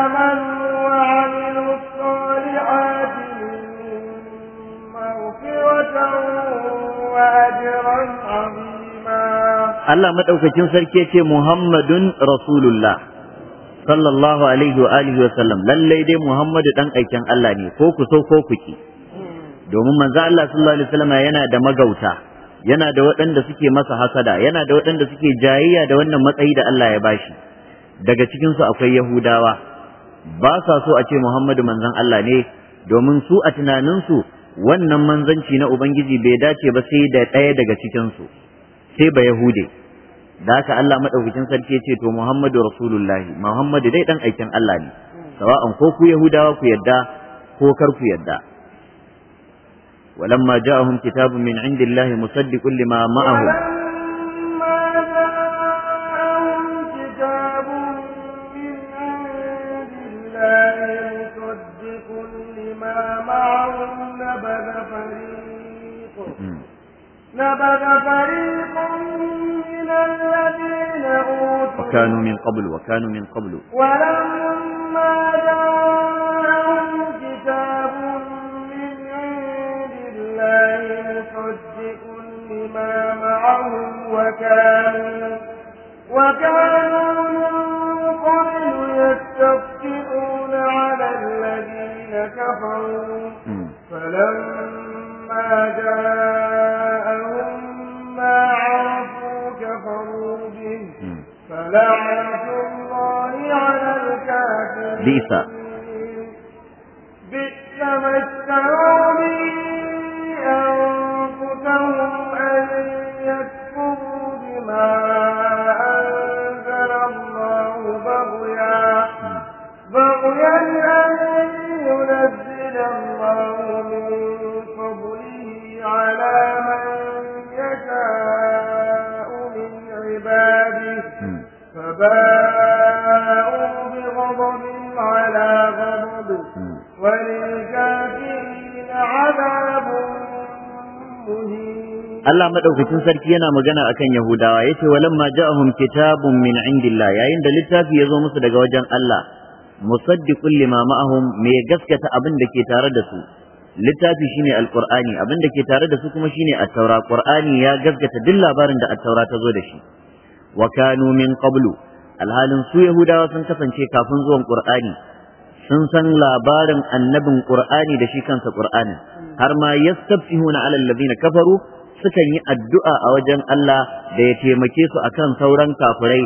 آمنوا وعملوا الصالحات مغفرة وأجرا عظيما الله مدعوكتين سركيتي محمد رسول الله sallallahu alaihi wa alihi wa sallam lallai dai Muhammadu dan aikin Allah ne ko ku so ko ku ki domin manzo Allah sallallahu alaihi wasallam yana da magauta yana da waɗanda suke masa hasada yana da waɗanda suke jayayya da wannan matsayi da Allah ya bashi daga cikin su akwai Yahudawa ba sa so a ce Muhammadu manzon Allah ne domin su a tunanin su wannan manzanci na Ubangiji bai dace ba sai da ɗaya daga cikin su sai ba Yahude da haka Allah madaukakin sarki ce to Muhammadu Rasulullahi Muhammadu dai dan aikin Allah ne sawa'an ko ku Yahudawa ku yadda ko kar ku yadda ولما جاءهم كتاب من عند الله مصدق لما معهم نبذ فريق من الذين أوتوا وكانوا من قبل وكانوا من قبل ولما جاءوا ما معهم وكانوا وكانوا من قبل يستفتئون على الذين كفروا فلما جاءهم ما عرفوا كفروا به فلعنة الله على الكافرين بئس ما اشتروا به أنفسهم أنزل الله بغيا بغيا ينزل الله من فضله على من يشاء من عباده فباءوا بغضب على غضب وللكافرين عذاب مهين Allah madaukakin sarki yana magana akan Yahudawa yace walamma ja'ahum kitabun min indillah yayin da littafi ya zo musu daga wajen Allah musaddiqul lima ma'ahum me gaskata abin da ke tare da su littafi shine alqur'ani abin da ke tare da su kuma shine at-taura qur'ani ya gaskata duk labarin da at-taura ta zo da shi wa kanu min qablu alhalin su Yahudawa sun kasance kafin zuwan qur'ani sun san labarin annabin qur'ani da shi kansa qur'anin har ma yastafihuna ala alladhina kafaru sukan yi addu'a a wajen Allah da ya taimake su akan sauran kafurai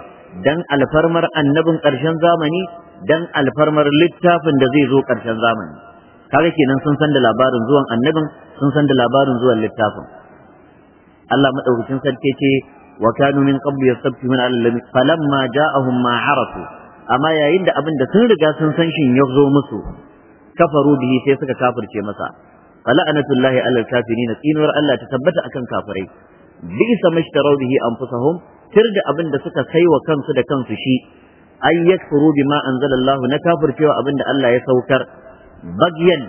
dan alfarmar annabin ƙarshen zamani dan alfarmar littafin da zai zo ƙarshen zamani kaga kenan sun san da labarin zuwan annabin sun san da labarin zuwan littafin Allah maɗaukacin sarki ce wa kanu min qablu yastabtihuna ala allazi falamma ja'ahum ma arafu amma yayin da abin da sun riga sun san shin ya zo musu kafaru bihi sai suka kafirce masa fala'anatullahi alal na tsinuwar Allah ta tabbata akan kafirai bi'sa an bihi anfusahum tirda abin da suka kai wa kansu da kansu shi ay yakfuru bima anzalallahu na kafircewa abin da Allah ya saukar bagyan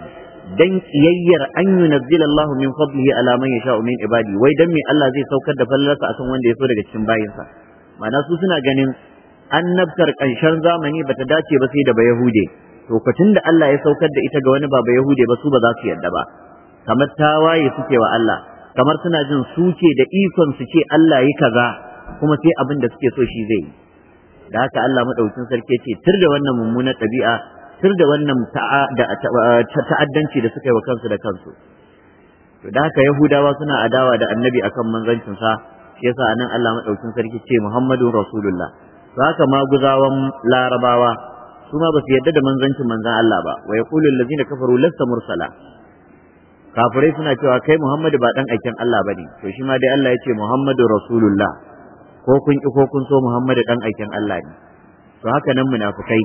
dan kiyayyar an yunazzilallahu min fadlihi ala man yasha'u min ibadi wai dan me Allah zai saukar da fallarsa akan wanda ya so daga cikin bayinsa ma'ana su suna ganin annabtar ƙarshen zamani bata dace ba sai da bayahude to da Allah ya saukar da ita ga wani baba Yahude ba su ba za su yarda ba kamar tawaye suke wa Allah kamar suna jin suke da ikon su ce Allah yi kaza kuma sai abin da suke so shi zai yi da haka Allah madaukin sarki ce tur da wannan mummunar ɗabi'a tur da wannan ta'addanci da suka yi wa kansu da kansu to da haka yahudawa suna adawa da annabi akan manzancin sa shi yasa anan Allah madaukin sarki ce Muhammadu Rasulullah to haka maguzawan larabawa su ma ba su yarda da manzancin manzan Allah ba wa yaqulu allazina kafaru lasta mursala kafirai suna cewa kai Muhammadu ba dan aikin Allah bane to shi ma dai Allah ya ce Muhammadu Rasulullah ko kun ki ko kun so Muhammadu dan aikin Allah ne to haka nan munafukai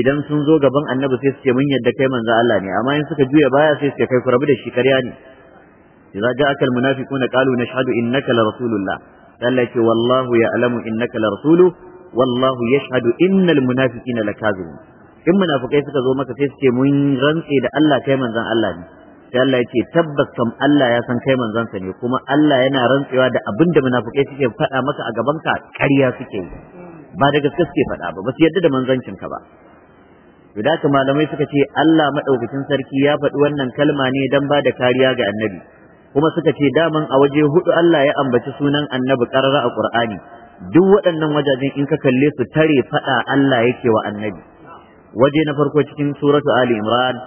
idan sun zo gaban annabi sai su ce mun yadda kai manzo Allah ne amma in suka juya baya sai su ce kai ku rabu da shi ƙarya ne idza ja'aka almunafiquna qalu nashhadu innaka la rasulullah Allah ya ce wallahu ya'lamu innaka la rasulu wallahu yashhadu innal munafiqina lakazibun in munafukai suka zo maka sai su ce mun rantse da Allah kai manzon Allah ne sai Allah ya ce tabbas kam Allah ya san kai manzansa ne kuma Allah yana rantsewa da abin da munafukai suke faɗa maka a gaban ka ƙarya suke yi ba da gaske suke faɗa ba basu su yadda da manzancinka ba to da malamai suka ce Allah madaukakin sarki ya faɗi wannan kalma ne dan ba da kariya ga annabi kuma suka ce daman a waje hudu Allah ya ambaci sunan annabi karara a Qur'ani duk waɗannan wajajen in ka kalle su tare faɗa Allah yake wa annabi waje na farko cikin suratu Ali Imran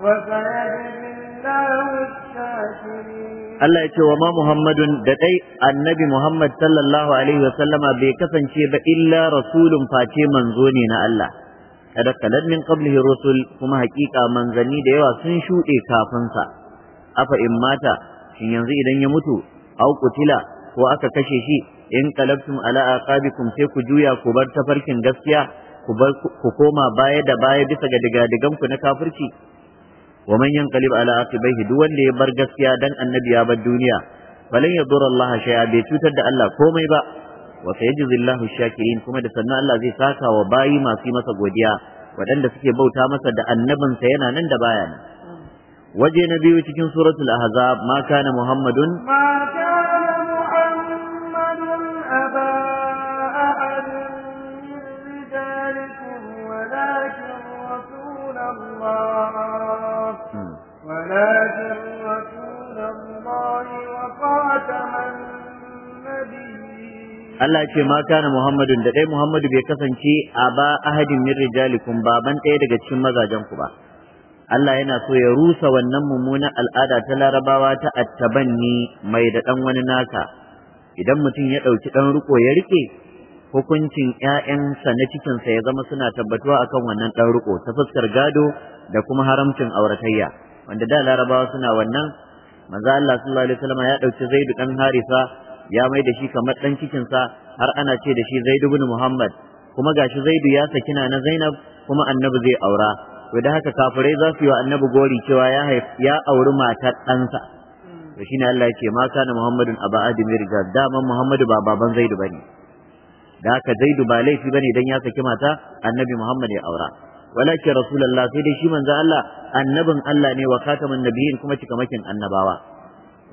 Allah ya ce wa ma Muhammadun da dai annabi Muhammad sallallahu alaihi wasallama bai kasance ba illa rasulun face manzo ne na Allah kada kalad min qablihi rusul kuma hakika manzanni da yawa sun shuɗe kafin sa afa in mata shin yanzu idan ya mutu au kutila ko aka kashe shi in qalabtum ala aqabikum sai ku juya ku bar tafarkin gaskiya ku koma baya da baya bisa ga digadigan ku na kafirci wa man yanqalib ala aqibaihi duk wanda ya bar gaskiya dan annabi ya bar duniya falan yadur Allah shay'a bai cutar da Allah komai ba wa sayajzi Allahu shakirin kuma da sannan Allah zai saka wa bayi masu masa godiya waɗanda suke bauta masa da annabinsa yana nan da baya waje na biyu cikin suratul ahzab ma kana muhammadun ma Allah ce ma kana Muhammadun da dai Muhammadu bai kasance a ba ahadin min rijalikum baban ɗaya daga cikin mazajen ku ba Allah yana so ya rusa wannan mummunan al'ada ta larabawa ta attabanni mai da ɗan wani naka, idan mutum ya ɗauki ɗan riko ya riƙe hukuncin ‘ya'yansa na cikinsa ya zama suna tabbatuwa akan wannan ɗan riko ta fuskar gado da kuma haramcin auratayya. wanda da larabawa suna wannan manzo Allah sallallahu alaihi wasallam ya dauki Zaid ɗan Harisa ya mai da shi kamar ɗan cikin sa har ana ce da shi Zaid ibn Muhammad kuma gashi Zaid ya saki na Zainab kuma annabi zai aura to da haka kafirai za su yi wa annabi gori cewa ya ya auri matar ɗansa to shine Allah ya ce ma kana Muhammadun aba adimi rijal daman Muhammadu ba baban Zaid bane da haka Zaid ba laifi bane dan ya saki mata annabi Muhammad ya aura walakin rasulullah sai dai shi manzo Allah annabin Allah ne wa khataman nabiyyin kuma cikamakin annabawa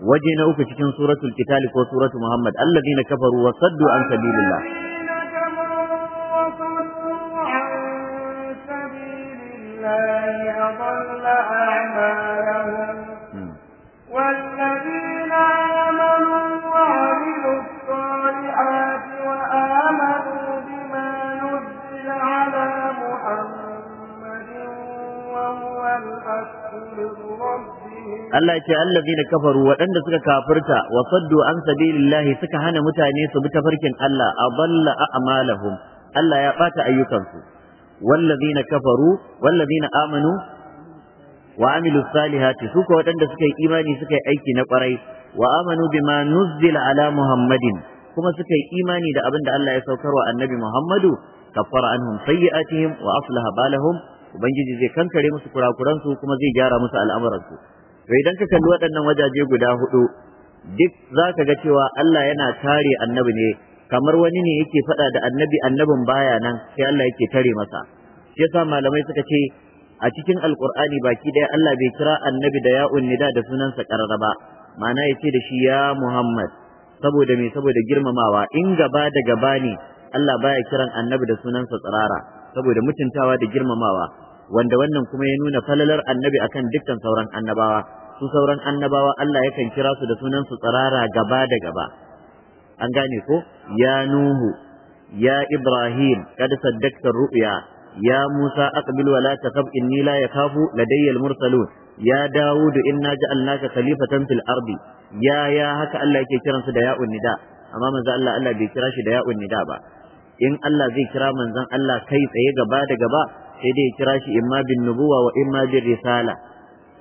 waje na uku cikin suratul kitab ko suratu muhammad alladhina kafaru wa saddu an sabilillah ce kafaru waɗanda suka kafirta wa saddu an sabilillahi suka hana mutane su bi tafarkin Allah a a'malahum Allah ya bata ayyukansu wallazina kafaru wallazina amanu wa amilu salihati su ko waɗanda suka yi imani suka yi aiki na ƙwarai wa amanu bima nuzzila ala muhammadin kuma suka yi imani da abin da Allah ya wa annabi muhammadu kaffara anhum sayyi'atihim wa aflaha balahum ubangiji zai kankare musu kurakuransu kuma zai gyara musu al'amuransu to idan ka kalli waɗannan wajaje guda hudu duk za ka ga cewa Allah yana tare annabi ne kamar wani ne yake faɗa da annabi annabin baya nan sai Allah yake tare masa shi yasa malamai suka ce a cikin alqur'ani baki daya Allah bai kira annabi da ya'un nida da sunansa karara ba ma'ana yace da shi ya Muhammad saboda me saboda girmamawa in gaba da gaba ne Allah baya kiran annabi da sunansa tsirara saboda mutuntawa da girmamawa wanda wannan kuma ya nuna falalar annabi akan dukkan sauran annabawa su sauran annabawa Allah yakan kira su da sunan su tsirara gaba da gaba an gane ko ya nuhu ya ibrahim kad saddaqta ru'ya ya musa aqbil wa la takhaf inni la yakhafu ladayya al-mursalun ya dawud inna ja'alnaka khalifatan fil ardi ya ya haka Allah yake kiran su da ya'un nida amma manzo Allah Allah bai kira shi da ya'un nida ba in Allah zai kira manzon Allah kai tsaye gaba da gaba sai dai ya kira shi imma bin nubuwa wa imma bin risala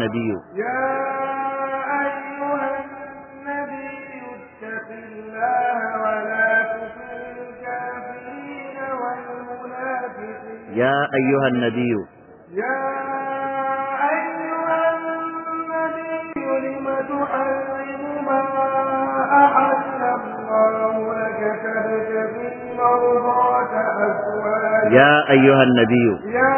النبي يا أيها النبي اتق الله ولا تطع الكافرين والمنافقين يا أيها النبي يا أيها النبي لم تحرم ما أحل الله لك تهتدي مرضات أزواجك يا أيها النبي يا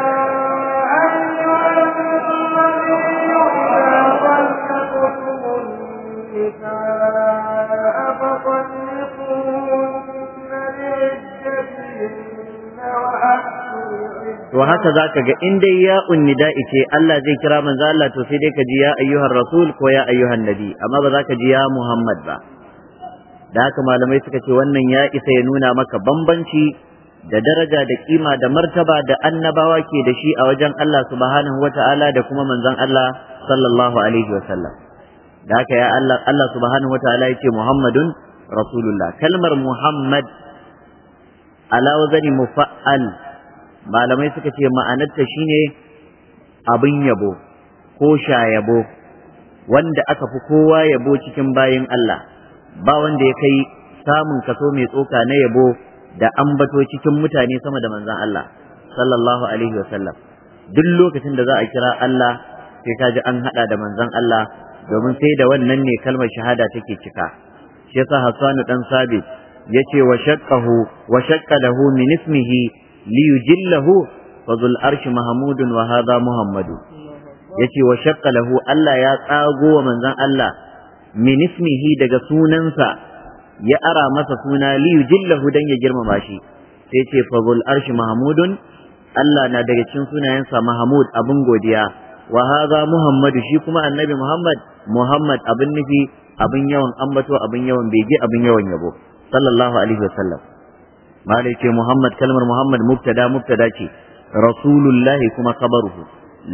to haka ka ga in dai ya da ce Allah zai kira manzo Allah to sai dai ka ji ya ayyuhar rasul ko ya ayyuhan nabi amma ba za ka ji ya Muhammad ba da haka malamai suka ce wannan ya isa ya nuna maka bambanci da daraja da kima da martaba da annabawa ke da shi a wajen Allah subhanahu wata'ala da kuma manzon Allah sallallahu alaihi sallam. da haka ya Allah Allah subhanahu wata'ala ya ce Muhammadun rasulullah kalmar Muhammad ala wazani mufa'al malamai suka ce ma'anarta shine abin yabo ko sha yabo wanda aka fi kowa yabo cikin bayin Allah ba wanda ya kai samun kaso mai tsoka na yabo da ambato cikin mutane sama da manzan Allah sallallahu alaihi wasallam duk lokacin da za a kira Allah sai ka ji an hada da manzan Allah domin sai da wannan ne kalmar shahada take cika shi yasa Hassanu dan Sabit yace wa shaqqahu wa shaqqa min ismihi Liyu fa zul arshi mahmudun wa hadha Ya ce wa shaqqa Allah ya tsago wa manzon Allah min daga sunansa ya ara masa suna liyu liyujillahu dan ya girmama shi sai yace fa zul arshi mahmudun Allah na daga cikin sunayensa mahmud abin godiya wahaza muhammadu shi kuma annabi muhammad muhammad abin nufi abin yawan ambato abin yawan bege abin yawan yabo sallallahu alaihi wasallam malai ce Muhammad kalmar Muhammad mubtada mubtada ce rasulullahi kuma kabaruhu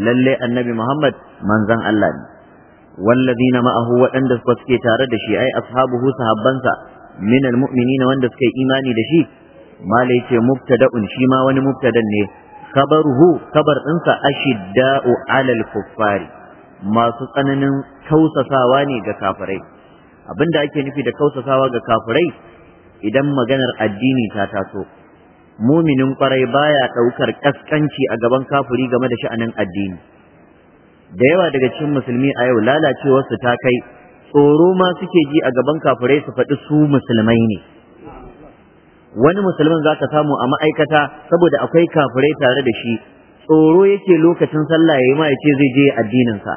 lalle annabi Muhammad manzan Allah ne wallazina ma'ahu waɗanda suka suke tare da shi ai ashabuhu sahabbansa min almu'minina wanda suka yi imani da shi malai ce mubtada'un shi ma wani mubtadan ne kabaruhu kabar ɗinsa ashidda'u alal kuffari masu tsananin kausasawa ne ga kafirai abinda ake nufi da kausasawa ga kafirai idan maganar addini ta taso muminin kwarai baya ɗaukar kaskanci a gaban kafuri game da sha'anin addini da yawa daga cikin musulmi a yau lalacewarsu ta kai tsoro ma suke ji a gaban kafurai su faɗi su musulmai ne wani musulmin za ka samu a ma'aikata saboda akwai kafurai tare da shi tsoro yake lokacin sallah ya yi ma ya ce zai je addininsa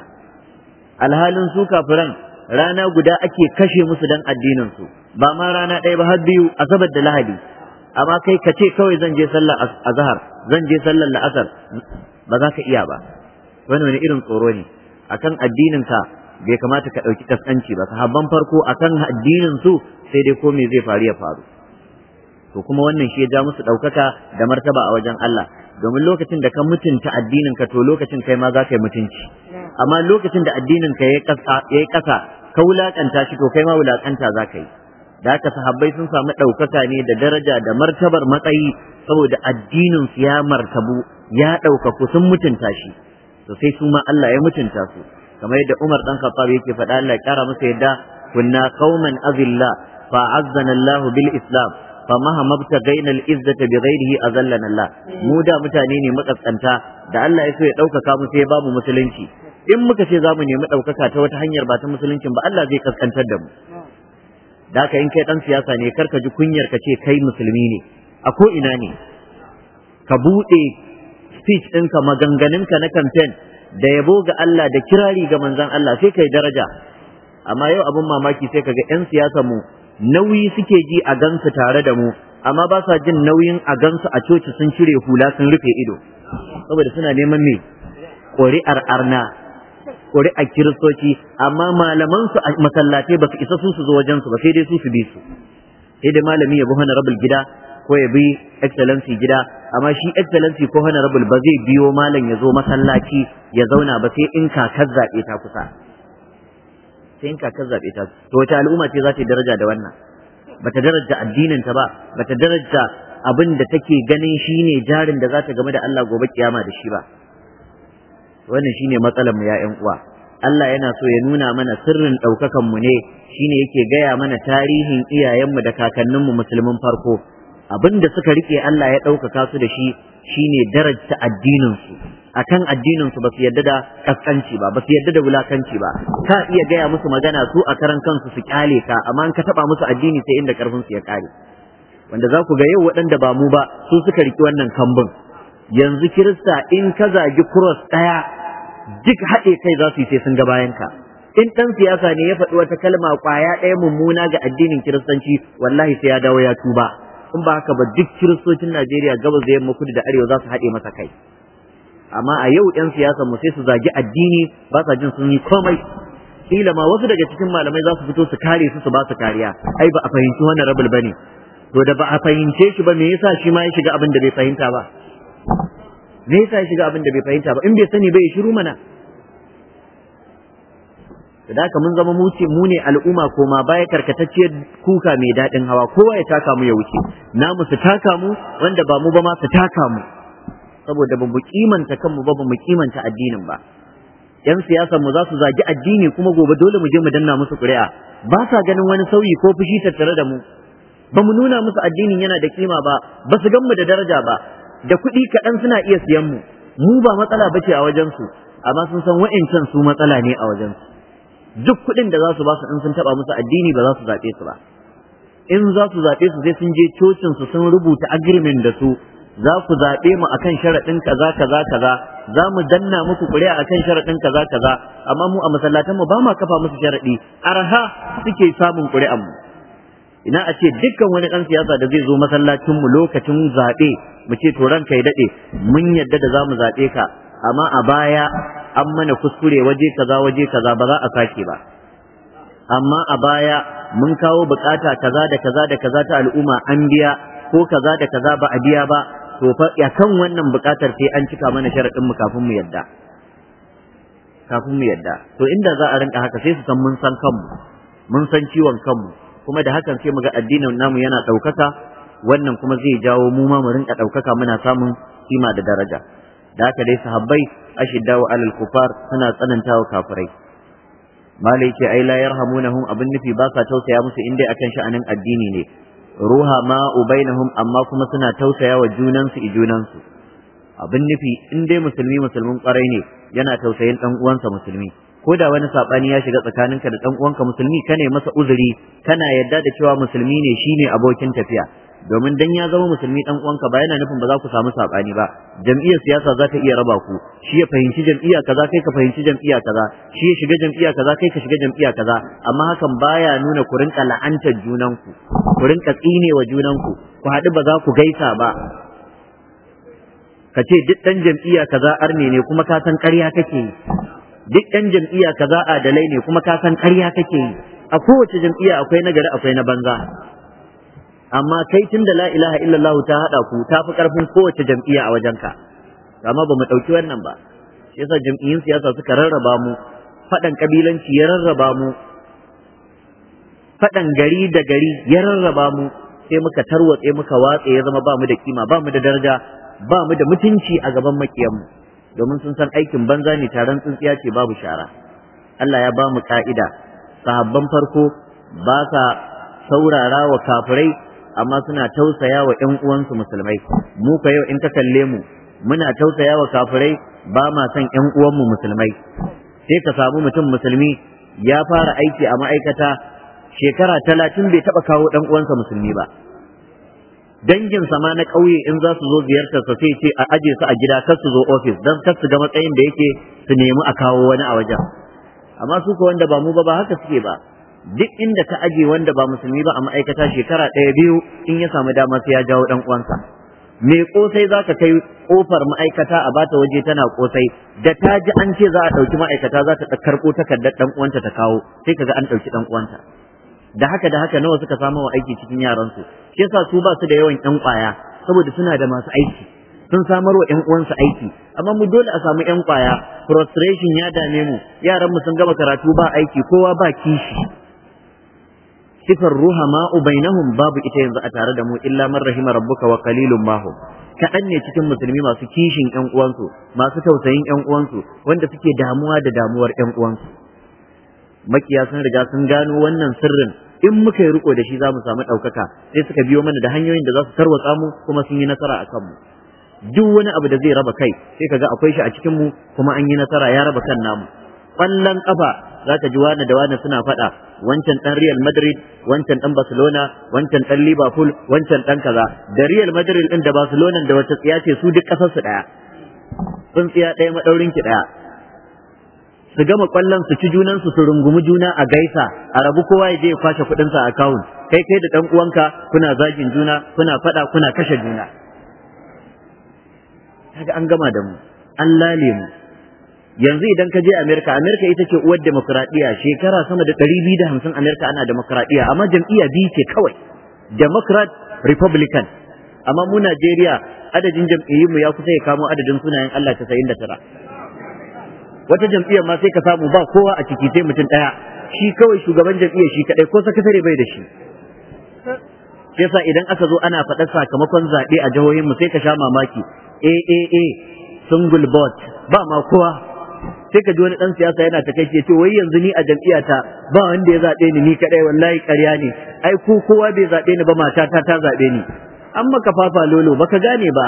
alhalin su kafiran rana guda ake kashe musu dan addinin su ba ma rana ɗaya ba har biyu asabar da lahadi amma kai ka ce kawai zan je sallar azhar zan je sallar la'asar ba za ka iya ba wani wani irin tsoro ne akan addinin ka bai kamata ka ɗauki kaskanci ba sahabban farko akan addinin su sai dai komai zai faru ya faru to kuma wannan shi ya ja musu ɗaukaka da martaba a wajen Allah domin lokacin da ka mutunta addinin ka to lokacin kai ma za ka yi mutunci amma lokacin da addinin ka yi ƙasa ka wulakanta shi to kai ma wulakanta za ka yi da haka sahabbai sun samu ɗaukaka ne da daraja da martabar matsayi saboda addinin su ya martabu ya ɗaukaku sun mutunta shi to sai su ma Allah ya mutunta su kamar yadda Umar dan Khattab yake faɗa Allah ya kara masa yadda kunna qauman azilla fa azzana Allah bil Islam fa mahama btagaina al izzata bi ghairihi azallana Allah mu da mutane ne makaskanta da Allah ya so ya ɗaukaka mu sai ya babu musulunci in muka ce za mu nemi ɗaukaka ta wata hanyar ba ta musuluncin ba Allah zai kaskantar da mu da in kai ɗan siyasa ne kar ka ji kunyar ka ce kai musulmi ne a ko ina ne ka buɗe speech ɗinka maganganunka na kamfen da yabo ga Allah da kirari ga manzon Allah sai kai daraja amma yau abin mamaki sai kaga 'yan siyasa mu nauyi suke ji a gansu tare da mu amma ba sa jin nauyin a gansu a coci sun cire hula sun rufe ido saboda suna neman me ƙuri'ar arna a kiristoci amma malaman su masallatai ba su isa su su zo wajen su ba sai dai su su bi su sai dai malami ya bi honorable gida ko ya bi excellency gida amma shi excellency ko honorable ba zai biyo malam ya zo masallaci ya zauna ba sai in kakar zaɓe ta kusa sai in kakar zaɓe ta to wata al'umma ce za ta daraja da wannan bata daraja ta ba bata daraja abin da take ganin shine jarin da za ta game da Allah gobe kiyama da shi ba wannan shine matsalar mu ya ƴan uwa Allah yana so ya nuna mana sirrin ɗaukakan mu ne shine yake gaya mana tarihin iyayenmu da kakannin mu musulmin farko abin da suka rike Allah ya ɗaukaka su da shi shine daraja addinin su akan addinin su basu yadda da kaskanci ba basu yadda da wulakanci ba ka iya gaya musu magana su a karan kansu su kyale ka amma in ka taba musu addini sai inda karfin su ya kare wanda za ku ga yau waɗanda ba mu ba su suka riki wannan kambun yanzu kirista in ka zagi cross ɗaya duk haɗe kai za su yi sai sun ga bayan ka in ɗan siyasa ne ya faɗi wata kalma ƙwaya ɗaya mummuna ga addinin kiristanci wallahi sai ya dawo ya tuba in ba haka ba duk kiristocin Najeriya gabas da yamma kudu da arewa za su haɗe masa kai amma a yau ɗan siyasa mu sai su zagi addini ba sa jin sun yi komai kila ma wasu daga cikin malamai za su fito su kare su su ba su kariya ai ba a fahimci wannan rabul bane to da ba a fahimce shi ba me yasa shi ma ya shiga abin da bai fahimta ba me yasa ya shiga abin da bai fahimta ba in bai sani bai shiru mana da haka mun zama muce mu ne al'umma ko ma baya karkatacciyar kuka mai daɗin hawa kowa ya taka mu ya wuce namu su taka mu wanda ba mu ba ma su taka mu saboda ba mu kimanta kanmu ba ba mu kimanta addinin ba yan siyasa mu za su zagi addini kuma gobe dole mu je mu danna musu ƙuri'a ba sa ganin wani sauyi ko fushi tattare da mu ba mu nuna musu addinin yana da kima ba ba su gan mu da daraja ba da kuɗi kaɗan suna iya siyan mu mu ba matsala ba ce a wajensu amma sun san wa'incan su matsala ne a wajensu duk kuɗin da za su ba su in sun taɓa musu addini ba za su zaɓe su ba in za su zaɓe su sai sun je cocin su sun rubuta agreement da su za ku zaɓe mu akan sharaɗin kaza kaza kaza za mu danna muku ƙuri'a akan sharaɗin kaza kaza amma mu a masallatan mu ba ma kafa musu sharaɗi arha suke samun ƙuri'an mu ina a ce dukkan wani ɗan siyasa da zai zo masallacin mu lokacin zaɓe mu ce to ranka ya daɗe mun yadda da za zaɓe ka amma a baya an mana kuskure waje kaza waje kaza ba za a sake ba amma a baya mun kawo bukata kaza da kaza da kaza ta al'umma an biya ko kaza da kaza ba a biya ba to fa ya kan wannan bukatar sai an cika mana sharaɗin mu kafin mu yadda kafin mu yadda to inda za a rinka haka sai su san mun san kanmu mun san ciwon kanmu kuma da hakan sai muga addinin namu yana ɗaukaka wannan kuma zai jawo mu ma mu rinka ɗaukaka muna samun kima da daraja da haka dai sahabbai ashiddawa alal kufar suna tsanantawa kafirai malai ce ai la yarhamunahum abin nufi ba sa tausaya musu in dai akan sha'anin addini ne ruha ma ubainahum amma kuma suna tausaya wa junansu i junansu abin nufi in musulmi musulmin kwarai ne yana tausayin dan uwansa musulmi ko da wani sabani ya shiga tsakaninka da dan uwanka musulmi kane masa uzuri kana yadda da cewa musulmi ne shine abokin tafiya domin dan ya zama musulmi dan uwanka ba yana nufin ba za ku samu saɓani ba jam'iyyar siyasa za ta iya raba ku shi ya fahimci jam'iyya kaza kai ka fahimci jam'iyya kaza shi ya shiga jam'iyya kaza kai ka shiga jam'iyya kaza amma hakan baya nuna ku rinka la'antar junanku ku rinka tsine wa junanku ku haɗu ba za ku gaisa ba ka ce duk dan jam'iyya kaza arne ne kuma ka san ƙarya kake yi duk yan jam'iyya ka za a dalai ne kuma ka san ƙarya kake yi a kowace jam'iyya akwai na gari akwai na banza amma kai tun da la ilaha illallah ta haɗa ku ta fi ƙarfin kowace jam'iyya a ka. amma ba mu ɗauki wannan ba shi yasa jam'iyyun siyasa suka rarraba mu faɗan ƙabilanci ya rarraba mu faɗan gari da gari ya rarraba mu sai muka tarwatse muka watse ya zama ba mu da kima ba mu da daraja ba mu da mutunci a gaban makiyanmu domin sun san aikin banza ne taron tsintsiya ce babu shara Allah ya ba mu ka'ida sahabban farko ba sa saurara wa kafirai amma suna tausaya wa ƴan uwansu musulmai mu ka yau in ka kalle mu muna tausaya wa kafirai ba ma son ƴan uwanmu musulmai sai ka samu mutum musulmi ya fara aiki a ma'aikata shekara talatin bai taɓa kawo ɗan uwansa musulmi ba dangin sama na ƙauye in za su zo ziyartar sa sai ce a aje su a gida kar su zo ofis dan kar su ga matsayin da yake su nemi a kawo wani a wajen amma su ko wanda ba mu ba haka suke ba duk inda ka aje wanda ba musulmi ba a ma'aikata shekara ɗaya biyu in ya samu dama sai ya jawo dan uwansa me kosai za ka kai kofar ma'aikata a bata waje tana kosai da ta ji an ce za a ɗauki ma'aikata za ta karɓo takardar dan uwanta ta kawo sai ka ga an ɗauki dan uwanta da haka da haka nawa suka samu aiki cikin yaransu shi yasa su ba su da yawan ƴan ƙwaya saboda suna da masu aiki sun samar wa ƴan uwansu aiki amma mu dole a samu ƴan ƙwaya frustration ya dame mu yaran mu sun gama karatu ba aiki kowa ba kishi sifar ruhama'u bainahum babu ita yanzu a tare da mu illa man rahima rabbuka wa qalilum ma hum kaɗan ne cikin musulmi masu kishin ƴan uwansu masu tausayin ƴan uwansu wanda suke damuwa da damuwar ƴan uwansu makiya sun riga sun gano wannan sirrin in muka yi riko da shi za mu samu ɗaukaka sai suka biyo mana da hanyoyin da za su tarwatsa mu kuma sun yi nasara a kanmu duk wani abu da zai raba kai sai kaga akwai shi a cikin mu kuma an yi nasara ya raba kan namu ƙwallon ƙafa za ka ji wani da wani suna faɗa wancan ɗan Real Madrid wancan ɗan Barcelona wancan ɗan Liverpool wancan ɗan kaza da Real Madrid ɗin da Barcelona da wata tsiya ce su duk ƙasarsu ɗaya tsiya ɗaya maɗaurinki ɗaya su gama kwallon su ci junan su su rungumi juna a gaisa a rabu kowa ya je ya kwashe kuɗin sa account kai kai da dan uwanka kuna zagin juna kuna faɗa kuna kashe juna kaga an gama da mu an lale mu yanzu idan ka je Amerika Amerika ita ce uwar demokradiya shekara sama da 250 Amerika ana demokradiya amma jam'iyya biyu ce kawai Democrat Republican amma mu Najeriya adadin jam'iyyunmu ya kusa ya kamo adadin sunayen Allah 99 wata jam'iyyar ma sai ka samu ba kowa a ciki sai mutum ɗaya shi kawai shugaban jam'iyyar shi kaɗai ko sakatare bai da shi yasa idan aka zo ana faɗar sakamakon zaɓe a jihohin mu sai ka sha mamaki AAA eh, eh, eh, single board ba ma kowa sai ka ji wani ɗan siyasa yana ta kai ce wai yanzu ni a jam'iyyata ba wanda ya zaɓe ni ni kaɗai wallahi ƙarya ne ai ko kowa bai zaɓe ni ba matata ta zaɓe ni an maka fafa lolo baka gane ba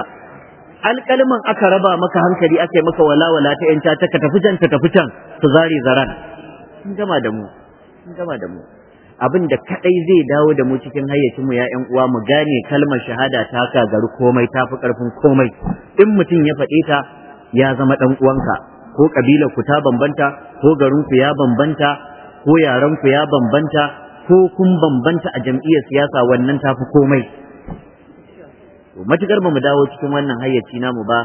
alƙalman aka raba maka hankali aka yi maka walawala ta yanta ta ka tafi can ka tafi can su zare zaran in gama da mu in gama da mu abin da kadai zai dawo da mu cikin hayyacinmu ya yan uwa mu gane kalmar shahada ta garu komai ta fi karfin komai in mutum ya faɗe ta ya zama ɗan uwanka ko kabilar ku ta bambanta ko garin ku ya bambanta ko yaran ku ya bambanta ko kun bambanta a jam'iyyar siyasa wannan ta fi komai to matukar ba mu dawo cikin wannan hayyaci namu ba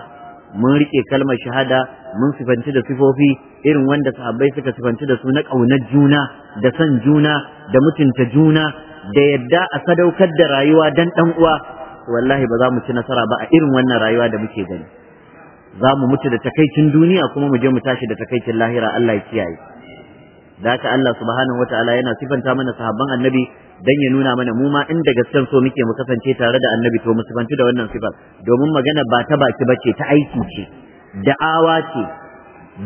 mun rike kalmar shahada mun sifanci da sifofi irin wanda sahabbai suka sifanci da su na ƙaunar juna da san juna da mutunta juna da yadda a sadaukar da rayuwa dan dan uwa wallahi ba za mu ci nasara ba a irin wannan rayuwa da muke gani za mu mutu da takaicin duniya kuma mu je mu tashi da takaicin lahira Allah ya kiyaye da haka Allah subhanahu wataala yana sifanta mana sahabban annabi dan ya nuna mana mu ma inda gaskan so muke mu kasance tare da annabi to mu da wannan sifar domin magana ba ta baki bace ta aiki ce da'awa ce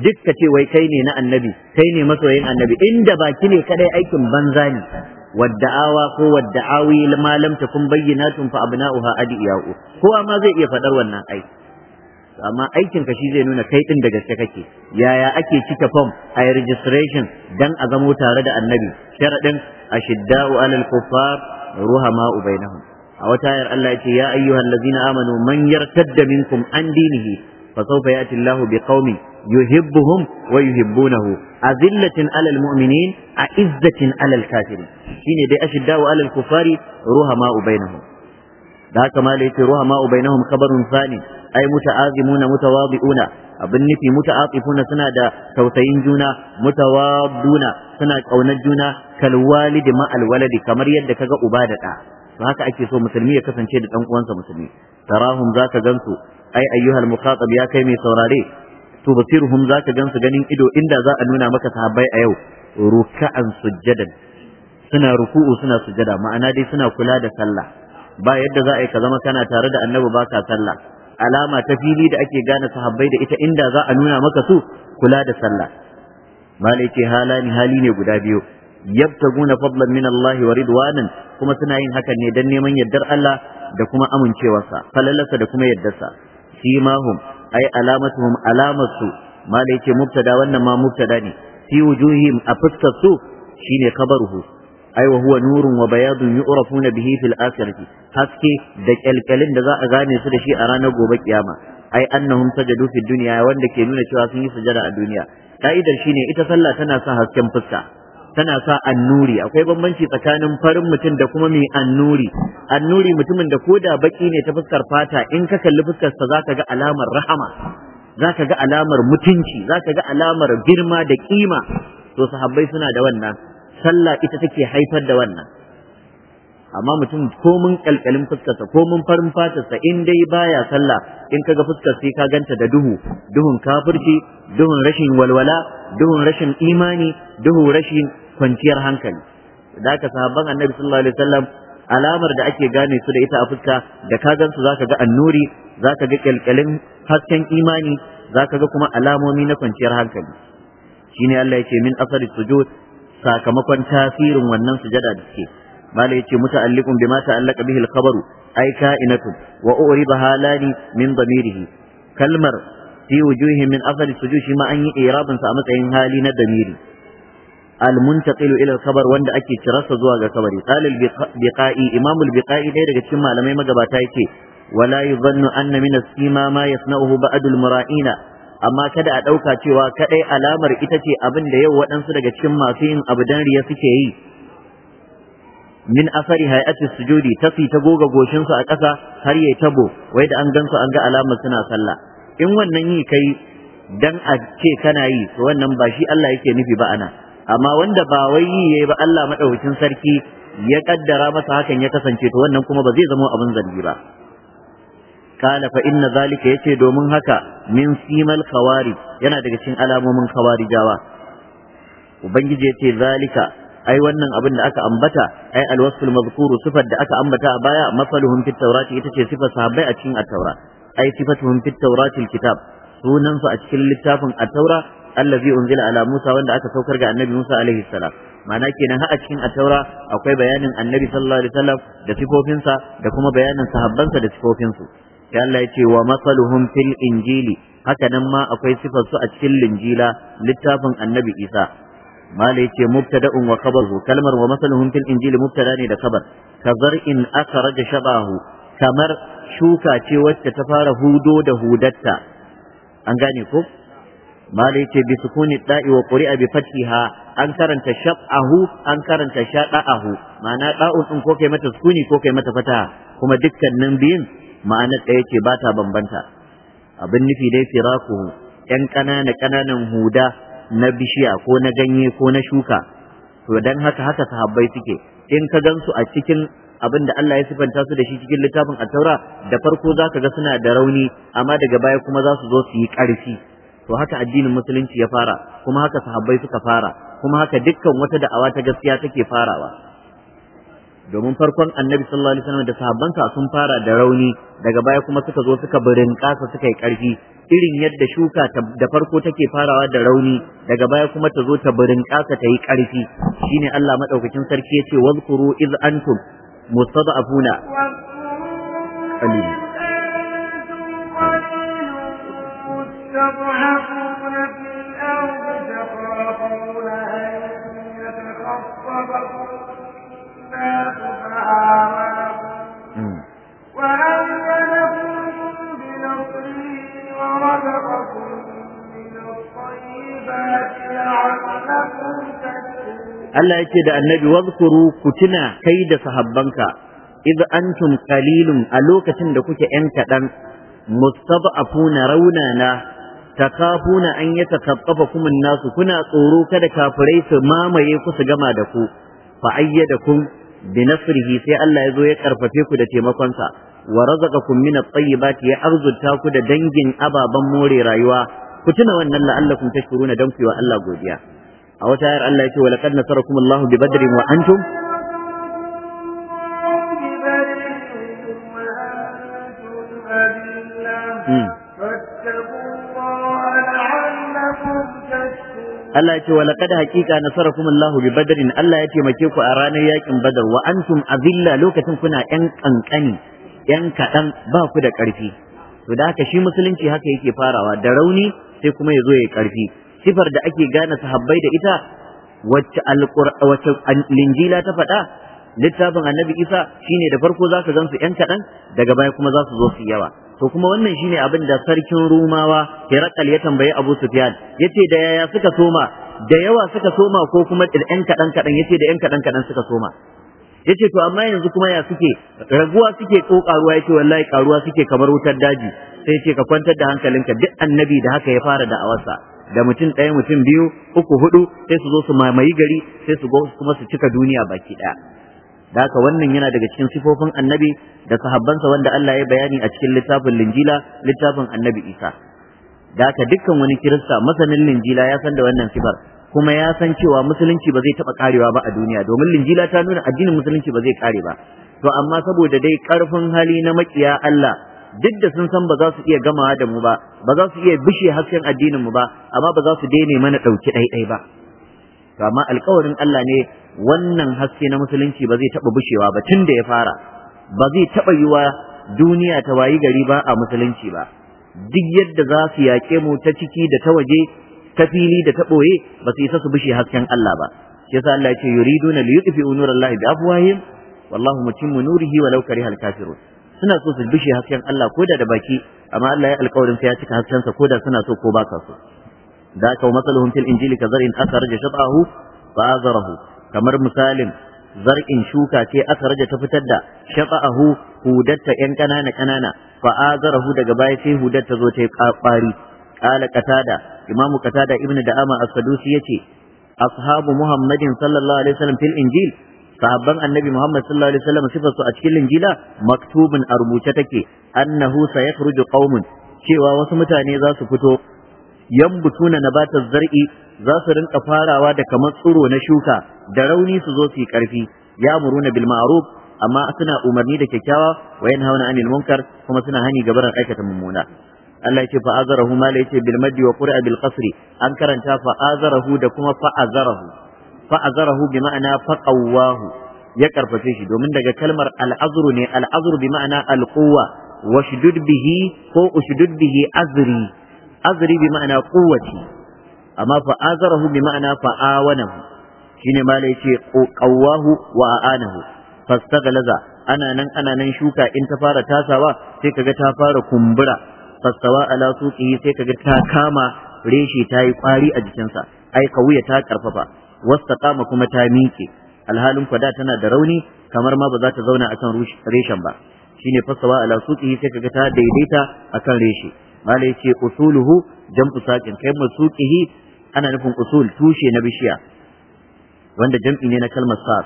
duk ka ce wai kai ne na annabi kai ne masoyin annabi inda baki ne kadai aikin banza ne wadda'awa ko wadda'awi ma lam takun bayyinatun fa abna'uha adiyahu kowa ma zai iya fadar wannan aiki amma aikin ka shi zai nuna kai din da gaske kake yaya ake cike form a registration dan a zamo tare da annabi sharadin أشداء على الكفار رهماء بينهم أوتاير الله يتي يا أيها الذين آمنوا من يرتد منكم عن دينه فسوف يأتي الله بقوم يهبهم ويهبونه أذلة على المؤمنين أعزة على الكافرين حين دي أشداء على الكفار رهماء بينهم ذاك ما ليت رهماء بينهم خبر ثاني أي متعاظمون متواضئون أبن في متعاطفون سنة دا توتين جونا متواضون سنة أو نجون kalwalidi ma alwaladi kamar yadda kaga uba da ɗa to haka ake so musulmi ya kasance da ɗan uwansa musulmi tarahum zaka gansu ai ayyuhal mukhatab ya kai mai saurare to basiruhum zaka gansu ganin ido inda za a nuna maka sahabbai a yau ruka'an sujjadan suna ruku'u suna sujjada ma'ana dai suna kula da sallah ba yadda za a yi ka zama kana tare da annabi ba ka sallah alama ta fili da ake gane sahabbai da ita inda za a nuna maka su kula da sallah malai ce halani hali ne guda biyu yabtaguna fadlan min Allah wa ridwanan kuma suna yin hakan ne dan neman yardar Allah da kuma amincewarsa falalarsa da kuma yardarsa simahum ay alamatuhum alamatu mala yake mubtada wannan ma mubtada ne fi wujuhihim a fuskar su shine khabaruhu ai wa huwa nurun wa bayadun yu'rafuna bihi fil haske da kyalkyalin da za a gane su da shi a ranar gobe ƙiyama. ai annahum sajadu fid dunya wanda ke nuna cewa sun yi sujada a duniya ka'idar shine ita sallah tana sa hasken fuska tana sa annuri akwai bambanci tsakanin farin mutum da kuma mai annuri annuri mutumin da koda baki ne ta fuskar fata in ka kalli fuskarsa zaka ga alamar rahama zaka ga alamar mutunci zaka ga alamar girma da kima to sahabbai suna da wannan sallah ita take haifar da wannan amma mutum ko mun kalkalin fuskarsa ko mun farin fatarsa in dai baya sallah in kaga fuskar sai ka ganta da duhu duhun kafirci duhun rashin walwala duhun rashin imani duhun rashin kwanciyar hankali da aka sahabban annabi sallallahu alaihi wasallam alamar da ake gane su da ita a fuska da ka gansu zaka ga annuri zaka ga kyalkyalin hasken imani zaka ga kuma alamomi na kwanciyar hankali shine Allah yake min asari sujud sakamakon tasirin wannan sujada da suke malai yace muta'alliqun bima ta'allaqa bihi al-khabaru ay ka'inatun wa uriba halani min damirihi kalmar fi wujuhi min asari sujud shi ma an yi irabin a matsayin hali na damiri almuntaqilu ila kabar wanda ake kirarsa zuwa ga kabari qala al imamul imam al daga cikin malamai magabata yake wala yuzannu anna min as-sima ma yasna'uhu ba'd al-mura'ina amma kada a dauka cewa kadai alamar ita ce abin da yau waɗansu daga cikin masu yin abu dan riya suke yi min asari hay'ati sujudi tafi ta goga goshinsu a ƙasa har yayi tabo wai da an gansu an ga alamar suna sallah in wannan yi kai dan a ce kana yi to wannan ba shi Allah yake nufi ba ana amma wanda ba wai yi ba Allah madaukakin sarki ya kaddara masa hakan ya kasance to wannan kuma ba zai zama abin zargi ba kala fa inna zalika yace domin haka min simal khawarij yana daga cikin alamomin khawarijawa ubangiji yace zalika ai wannan abin da aka ambata ai alwasful mazkuru sifar da aka ambata a baya masaluhum fit tawrati ita ce sifar sahabbai a cikin at-taura ai sifatuhum fit tawrati kitab sunan su a cikin littafin at-taura allazi unzila ala Musa wanda aka saukar ga annabi Musa alaihi salam ma'ana kenan har a cikin at-taura akwai bayanin annabi sallallahu alaihi wasallam da sifofinsa da kuma bayanin sahabbansa da sifofinsu sai Allah ya ce wa masaluhum fil injili haka nan ma akwai sifar su a cikin linjila littafin annabi Isa mala yace mubtada'un wa khabaru kalmar wa masaluhum fil injili mubtada ne da khabar in akhraja shabahu kamar shuka ce wacce ta fara hudo da hudatta an gane ko Mali ce bi sukuni da'i wa ƙuri'a bi fatiha an karanta shab'ahu an karanta sha'da'ahu ma'ana da'un ɗin ko kai mata sukuni ko kai mata fataha kuma dukkan nan biyun ma'ana ɗaya ce ba ta bambanta. Abin nufi dai firaku, ƴan ƙanana ƙananan huda na bishiya ko na ganye ko na shuka to dan haka haka sahabbai suke in ka gansu a cikin abin da Allah ya sifanta su da shi cikin littafin at-taura da farko za ka ga suna da rauni amma daga baya kuma za su zo su yi ƙarfi. to haka addinin musulunci ya fara kuma haka sahabbai suka fara kuma haka dukkan wata da'awa ta gaskiya take farawa domin farkon annabi sallallahu alaihi wasallam da sahabbansa sun fara da rauni daga baya kuma suka zo suka kasa suka yi karfi irin yadda shuka da farko take farawa da rauni daga baya kuma ta zo ta kasa ta yi karfi shine Allah madaukakin sarki yace wazkuru iz antum mustada'afuna qalil تضعفون في الأرض تخافون أن يتخطفكم الناس فآواكم وأمدكم بنصره ورزقكم من الطيبات لعلكم تشكرون Allah ya ce da annabi wazkuru ku tuna kai da sahabbanka id antum qalilun a lokacin da kuke ƴan kaɗan mustad'afuna raunana takafuna an yatakaffafakum kuma nasu kuna tsoro kada kafirai su mamaye ku su gama da ku fa ayyadakum bi nasrihi sai Allah ya zo ya karfafe ku da taimakon sa wa razaqakum min at-tayyibati ya arzuta ku da dangin ababan more rayuwa ku tuna wannan la'allakum tashkuruna dan ku wa Allah godiya a wata ayar Allah yake wa laqad nasarakum Allahu bi badrin wa antum Allah ya ce wa laqad haqiqa nasarakum Allahu bi badrin Allah ya taimake ku a ranar yakin badar wa antum azilla lokacin kuna yan kankani yan kadan ba ku da karfi to da haka shi musulunci haka yake farawa da rauni sai kuma ya zo ya karfi sifar da ake gane sahabbai da ita wacce alqur'an wacce linjila ta faɗa littafin annabi isa shine da farko za ka gan yan kaɗan daga baya kuma za su zo su yawa to kuma wannan shine abin da sarkin rumawa raƙal ya tambayi abu sufyan ya ce da yaya suka soma da yawa suka soma ko kuma yan kaɗan kaɗan ya ce da yan kaɗan kaɗan suka soma ya ce to amma yanzu kuma ya suke raguwa suke ko karuwa ya ce wallahi karuwa suke kamar wutar daji sai ce ka kwantar da hankalinka duk annabi da haka ya fara da'awarsa da mutum ɗaya mutum biyu uku hudu sai su zo su mamayi gari sai su kuma su cika duniya baki ɗaya da haka wannan yana daga cikin sifofin annabi da sahabbansa wanda Allah ya bayani a cikin littafin linjila littafin annabi isa da haka dukkan wani kirista masanin linjila ya san da wannan sifar kuma ya san cewa musulunci ba zai taɓa karewa ba a duniya domin linjila ta nuna addinin musulunci ba zai kare ba to amma saboda dai ƙarfin hali na makiya Allah duk da sun san ba za su iya gamawa da mu ba ba za su iya bishe hasken addinin mu ba amma ba za su daina mana ɗauki ɗai ba to amma alƙawarin Allah ne wannan haske na musulunci ba zai taɓa bushewa ba tun da ya fara ba zai taɓa yiwa duniya ta wayi gari ba a musulunci ba duk yadda za su yaƙe mu ta ciki da ta waje ta fili da ta ɓoye ba su isa su bushe hasken Allah ba shi yasa Allah ya ce yuriduna li yutfi'u nurallahi bi afwahihim wallahu mutimmu nurihi walau karihal kafirun suna so su bushe hasken Allah ko da da baki amma Allah ya alƙawarin sai ya cika haskensa da suna so ko ba sa so da ka masaluhum fil injili kazarin akhraja shatahu fa azarahu kamar misalin zar'in shuka ce aka raja ta fitar da shafa'ahu hudatta yan kanana kanana fa azarahu daga baya sai hudatta zo ta yi kwari qala qatada imamu qatada ibnu da'ama as-sadusi yace ashabu muhammadin sallallahu alaihi wasallam fil injil sahabban annabi muhammad sallallahu alaihi wasallam sifarsu a cikin injila maktubun a rubuce take annahu sayakhruju qaumun cewa wasu mutane za su fito yambutuna nabatar zar'i za su rinka farawa da kamar tsiro na shuka da rauni su zo su yi ƙarfi ya muruna bil ma'ruf amma suna umarni da kyakkyawa wa hauna anil munkar kuma suna hani ga aikata mummuna Allah yace fa azarahu ma yace bil wa qura bil qasri an karanta fa azarahu da kuma fa azarahu fa azarahu bi ma'ana fa qawwahu ya karfafe shi domin daga kalmar al'azru ne al'azru bi ma'ana al-quwwa washdud bihi ko ushdud bihi azri azri bi ma'ana quwwati amma fa'azarahu bi ma'ana fa'awanahu shine mala ce qawwahu wa aanahu fastagalaza ana nan ana nan shuka in ta fara tasawa sai kaga ta fara kumbura fastawa ala suƙi sai kaga ta kama reshe ta yi kwari a jikinsa ai kawuya ta karfafa wastaqama kuma ta miƙe alhalin kwada tana da rauni kamar ma ba za ta zauna akan reshen ba shine fasawa ala suqihi sai kaga ta daidaita akan reshe malai ce usuluhu jam'u saqin kai masuqihi ana nufin usul tushe na bishiya wanda jam'i ne na kalmar saq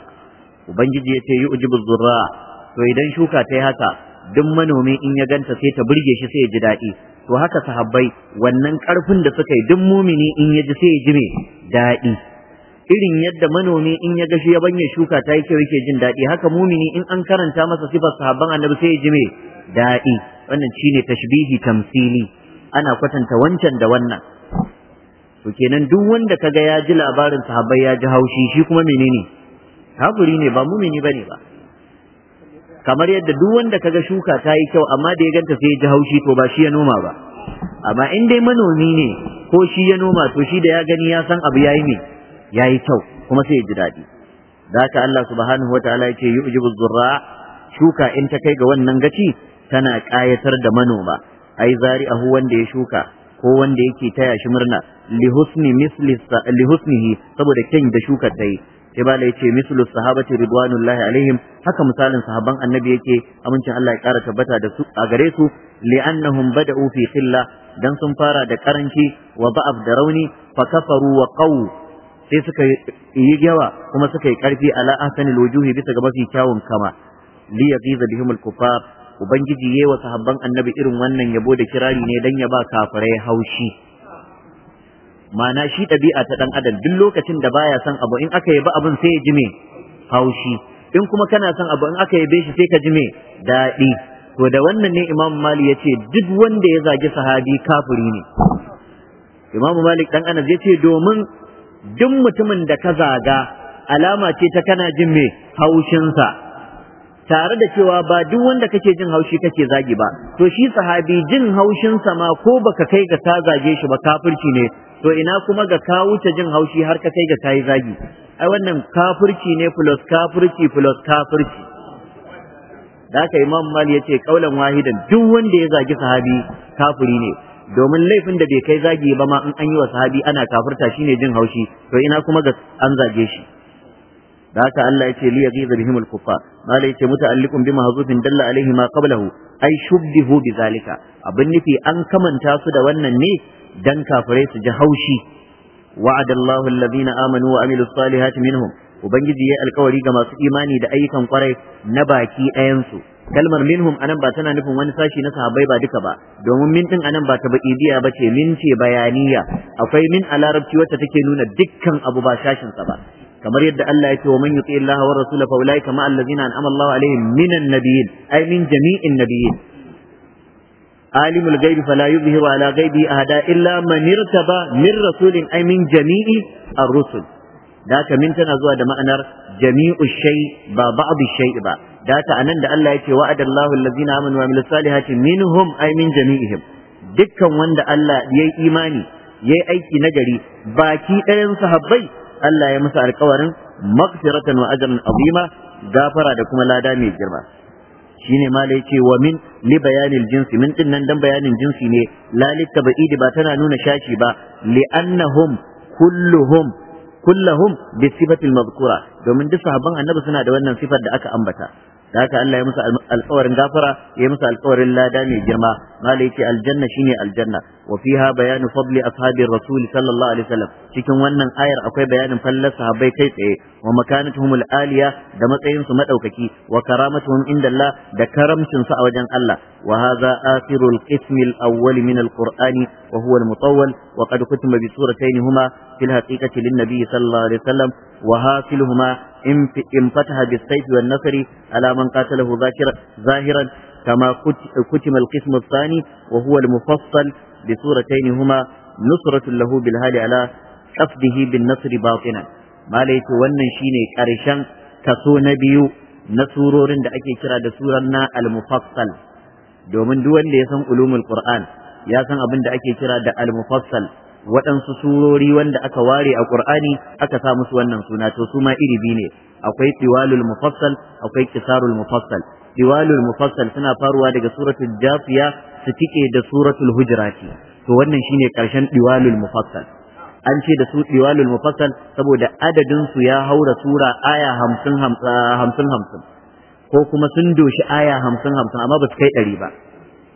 ubangiji ya ce yi yu'jibu zurra to idan shuka ta yi haka duk manomi in ya ganta sai ta burge shi sai ya ji daɗi to haka sahabbai wannan ƙarfin da suka yi duk mumini in ya ji sai ya ji me daɗi irin yadda manomi in ya ga ya shuka ta yi kyau yake jin daɗi haka mumini in an karanta masa sifar sahabban annabi sai ya ji me daɗi wannan shine tashbihi tamsili ana kwatanta wancan da wannan to kenan duk wanda kaga ya ji labarin sahabbai ya ji haushi shi kuma menene kafiri ne ba mumini bane ba kamar yadda duk wanda kaga shuka ta yi kyau amma da ya ganta sai ya ji haushi to ba shi ya noma ba amma in dai manomi ne ko shi ya noma to shi da ya gani ya san abu yayi ne yayi kyau kuma sai ya ji daɗi da haka Allah subhanahu wataala yake yujibu zurra shuka in ta kai ga wannan gaci tana ƙayatar da manoma ai zari zari'ahu wanda ya shuka ko wanda yake taya shi murna lihusni misli lihusnihi saboda kyan da shukar ta yi sai bala yace mislu sahabati ridwanullahi alaihim haka misalin sahaban annabi yake amincin Allah ya kara tabbata da su a gare su li'annahum bada'u fi khilla dan sun fara da karanci wa ba'af da rauni fa kafaru wa qaw sai suka yi yawa kuma suka yi karfi ala ahsani wujuhi bisa ga mafi kyawun kama li yaziza bihim alkufar ubangiji yayi sahabban annabi irin wannan yabo da kirari ne dan ya ba kafirai haushi Mana shi ɗabi'a ta ɗan adam duk lokacin da baya son abu in aka yabi abin sai ya ji me haushi in kuma kana son abu in aka yabe shi sai ka ji me daɗi to da wannan ne imam Malik ya ce duk wanda ya zagi sahabi kafiri ne imam malik dan anas ya ce domin duk mutumin da ka zaga alama ce ta kana jin me haushinsa tare da cewa ba duk wanda kake jin haushi kake zagi ba to shi sahabi jin haushinsa ma ko baka kai ga ka zage shi ba kafirci ne to ina kuma ga ka wuce jin haushi har ka kai ga kayi zagi ai wannan kafirci ne plus kafirci plus kafirci da haka imam mali ya ce kaulan wahidan duk wanda ya zagi sahabi kafiri ne domin laifin da bai kai zagi ba ma in an yi wa sahabi ana kafirta shine jin haushi to ina kuma ga an zage shi da haka Allah yace li yaghiza bihim al-kuffa mala yace muta'alliqun bima hazufin dalla alaihi ma qablahu ai shubbihu zalika. abin nufi an kamanta su da wannan ne dan kafirai su ji haushi wa'adallahu alladhina amanu wa amilus salihati minhum ubangiji ya alkawari ga masu imani da ayyukan kwarai na baki ɗayansu kalmar minhum anan ba tana nufin wani sashi na sahabbai ba duka ba domin min din anan ba ta ba'idiya ba ce min ce bayaniya akwai min a larabci wacce take nuna dukkan abu ba sashin sa ba kamar yadda Allah ya ce wa man yuti Allah wa rasula fa ulaika ma allazina an'ama Allah alaihim minan nabiyyin ay min jami'in nabiyyin عالم الغيب فلا يظهر على غيبه أحدا إلا من ارتبى من رسول أي من جميع الرسل ذاك من تنزوى دمأنر جميع الشيء با بعض الشيء با ذاك أنند الله يتي وعد الله الذين آمنوا وعملوا الصالحات منهم أي من جميعهم دكا وند الله يي إيماني يي أيكي نجري باكي أين صحبي الله يمسى القوارن مغفرة وأجر عظيمة غافرة لكم لا دامي الجرمى shine ma da ce wa min li bayanil jinsi min din nan dan bayanin jinsi ne la litabidi ba tana nuna shashi ba li annahum kulluhum kullahum bi sifatil mazkura domin duk sahabban annabi suna da wannan sifar da aka ambata da haka Allah ya musu alƙawarin gafara ya musu alƙawarin lada mai girma mala yace aljanna shine aljanna وفيها بيان فضل أصحاب الرسول صلى الله عليه وسلم cikin wannan ayar akwai bayanin fallar sahabbai kai tsaye wa makanatuhum al-aliya da matsayin su madaukaki wa karamatuhum inda Allah da karamcin su a wajen Allah wa hadha akhirul qismi al-awwal min al-qur'ani wa huwa al-mutawwal wa qad kutima bi suratayn huma fil haqiqati lin-nabi sallallahu alaihi wasallam wa hasiluhuma انفتح بالسيف والنصر على من قاتله ظاهرا كما كتم القسم الثاني وهو المفصل بصورتين هما نصرة له بالهال على قصده بالنصر باطنا ما ليت wannan shine ƙarshen kaso na biyu na surorin da ake kira da suran na al-mufassal domin duk ya san ulumul Kur'an, ya san abin da ake kira da al-mufassal waɗansu surori wanda aka ware a qur'ani aka sa musu wannan suna to suma ma iribi ne akwai tiwalul mufassal akwai kisarul mufassal tiwalul mufassal suna faruwa daga suratul jafiya su tike da suratul hujurati to wannan shine karshen diwalul mufassal an ce da su diwalul mufassal saboda adadin su ya haura sura aya hamsin ah, hamsin hamsin ko kuma sun doshi aya hamsin hamsin amma ba su kai ɗari ba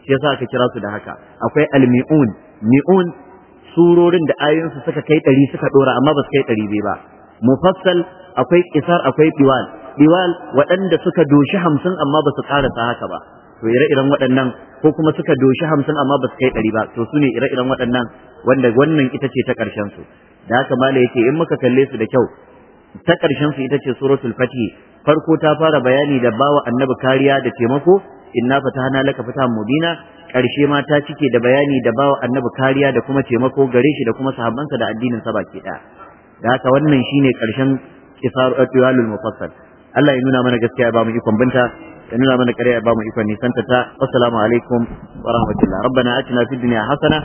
shi yasa aka kira su da haka akwai almi'un mi'un surorin da ayoyinsu suka kai ɗari suka ɗora amma ba su kai ɗari ba mufassal akwai kisar akwai diwal diwal waɗanda suka doshi hamsin amma ba su ƙarasa haka ba to ire-iren waɗannan ko kuma suka doshi hamsin amma ba su kai ɗari ba to su ne ire-iren waɗannan wanda wannan ita ce ta ƙarshen su da haka mala ce in muka kalle su da kyau ta ƙarshen su ita ce suratul fatih farko ta fara bayani da bawa annabi kariya da taimako inna fatahna laka fatahan mubina ƙarshe ma ta cike da bayani da bawa annabi kariya da kuma taimako gare shi da kuma sahabbansa da addinin sa baki ɗaya da haka wannan shine ƙarshen kisar atwalul mufassal Allah ya nuna mana gaskiya ba mu ikon binta كان لنا من كريه بام إفني سنتتا والسلام عليكم ورحمة الله ربنا أتنا في الدنيا حسنة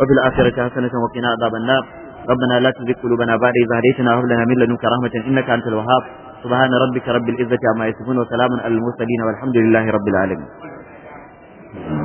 وفي الآخرة حسنة وقنا عذاب النار ربنا لا تزغ قلوبنا بعد إذ هديتنا وهب لنا من لدنك رحمة إنك أنت الوهاب سبحان ربك رب العزة عما يصفون وسلام على المرسلين والحمد لله رب العالمين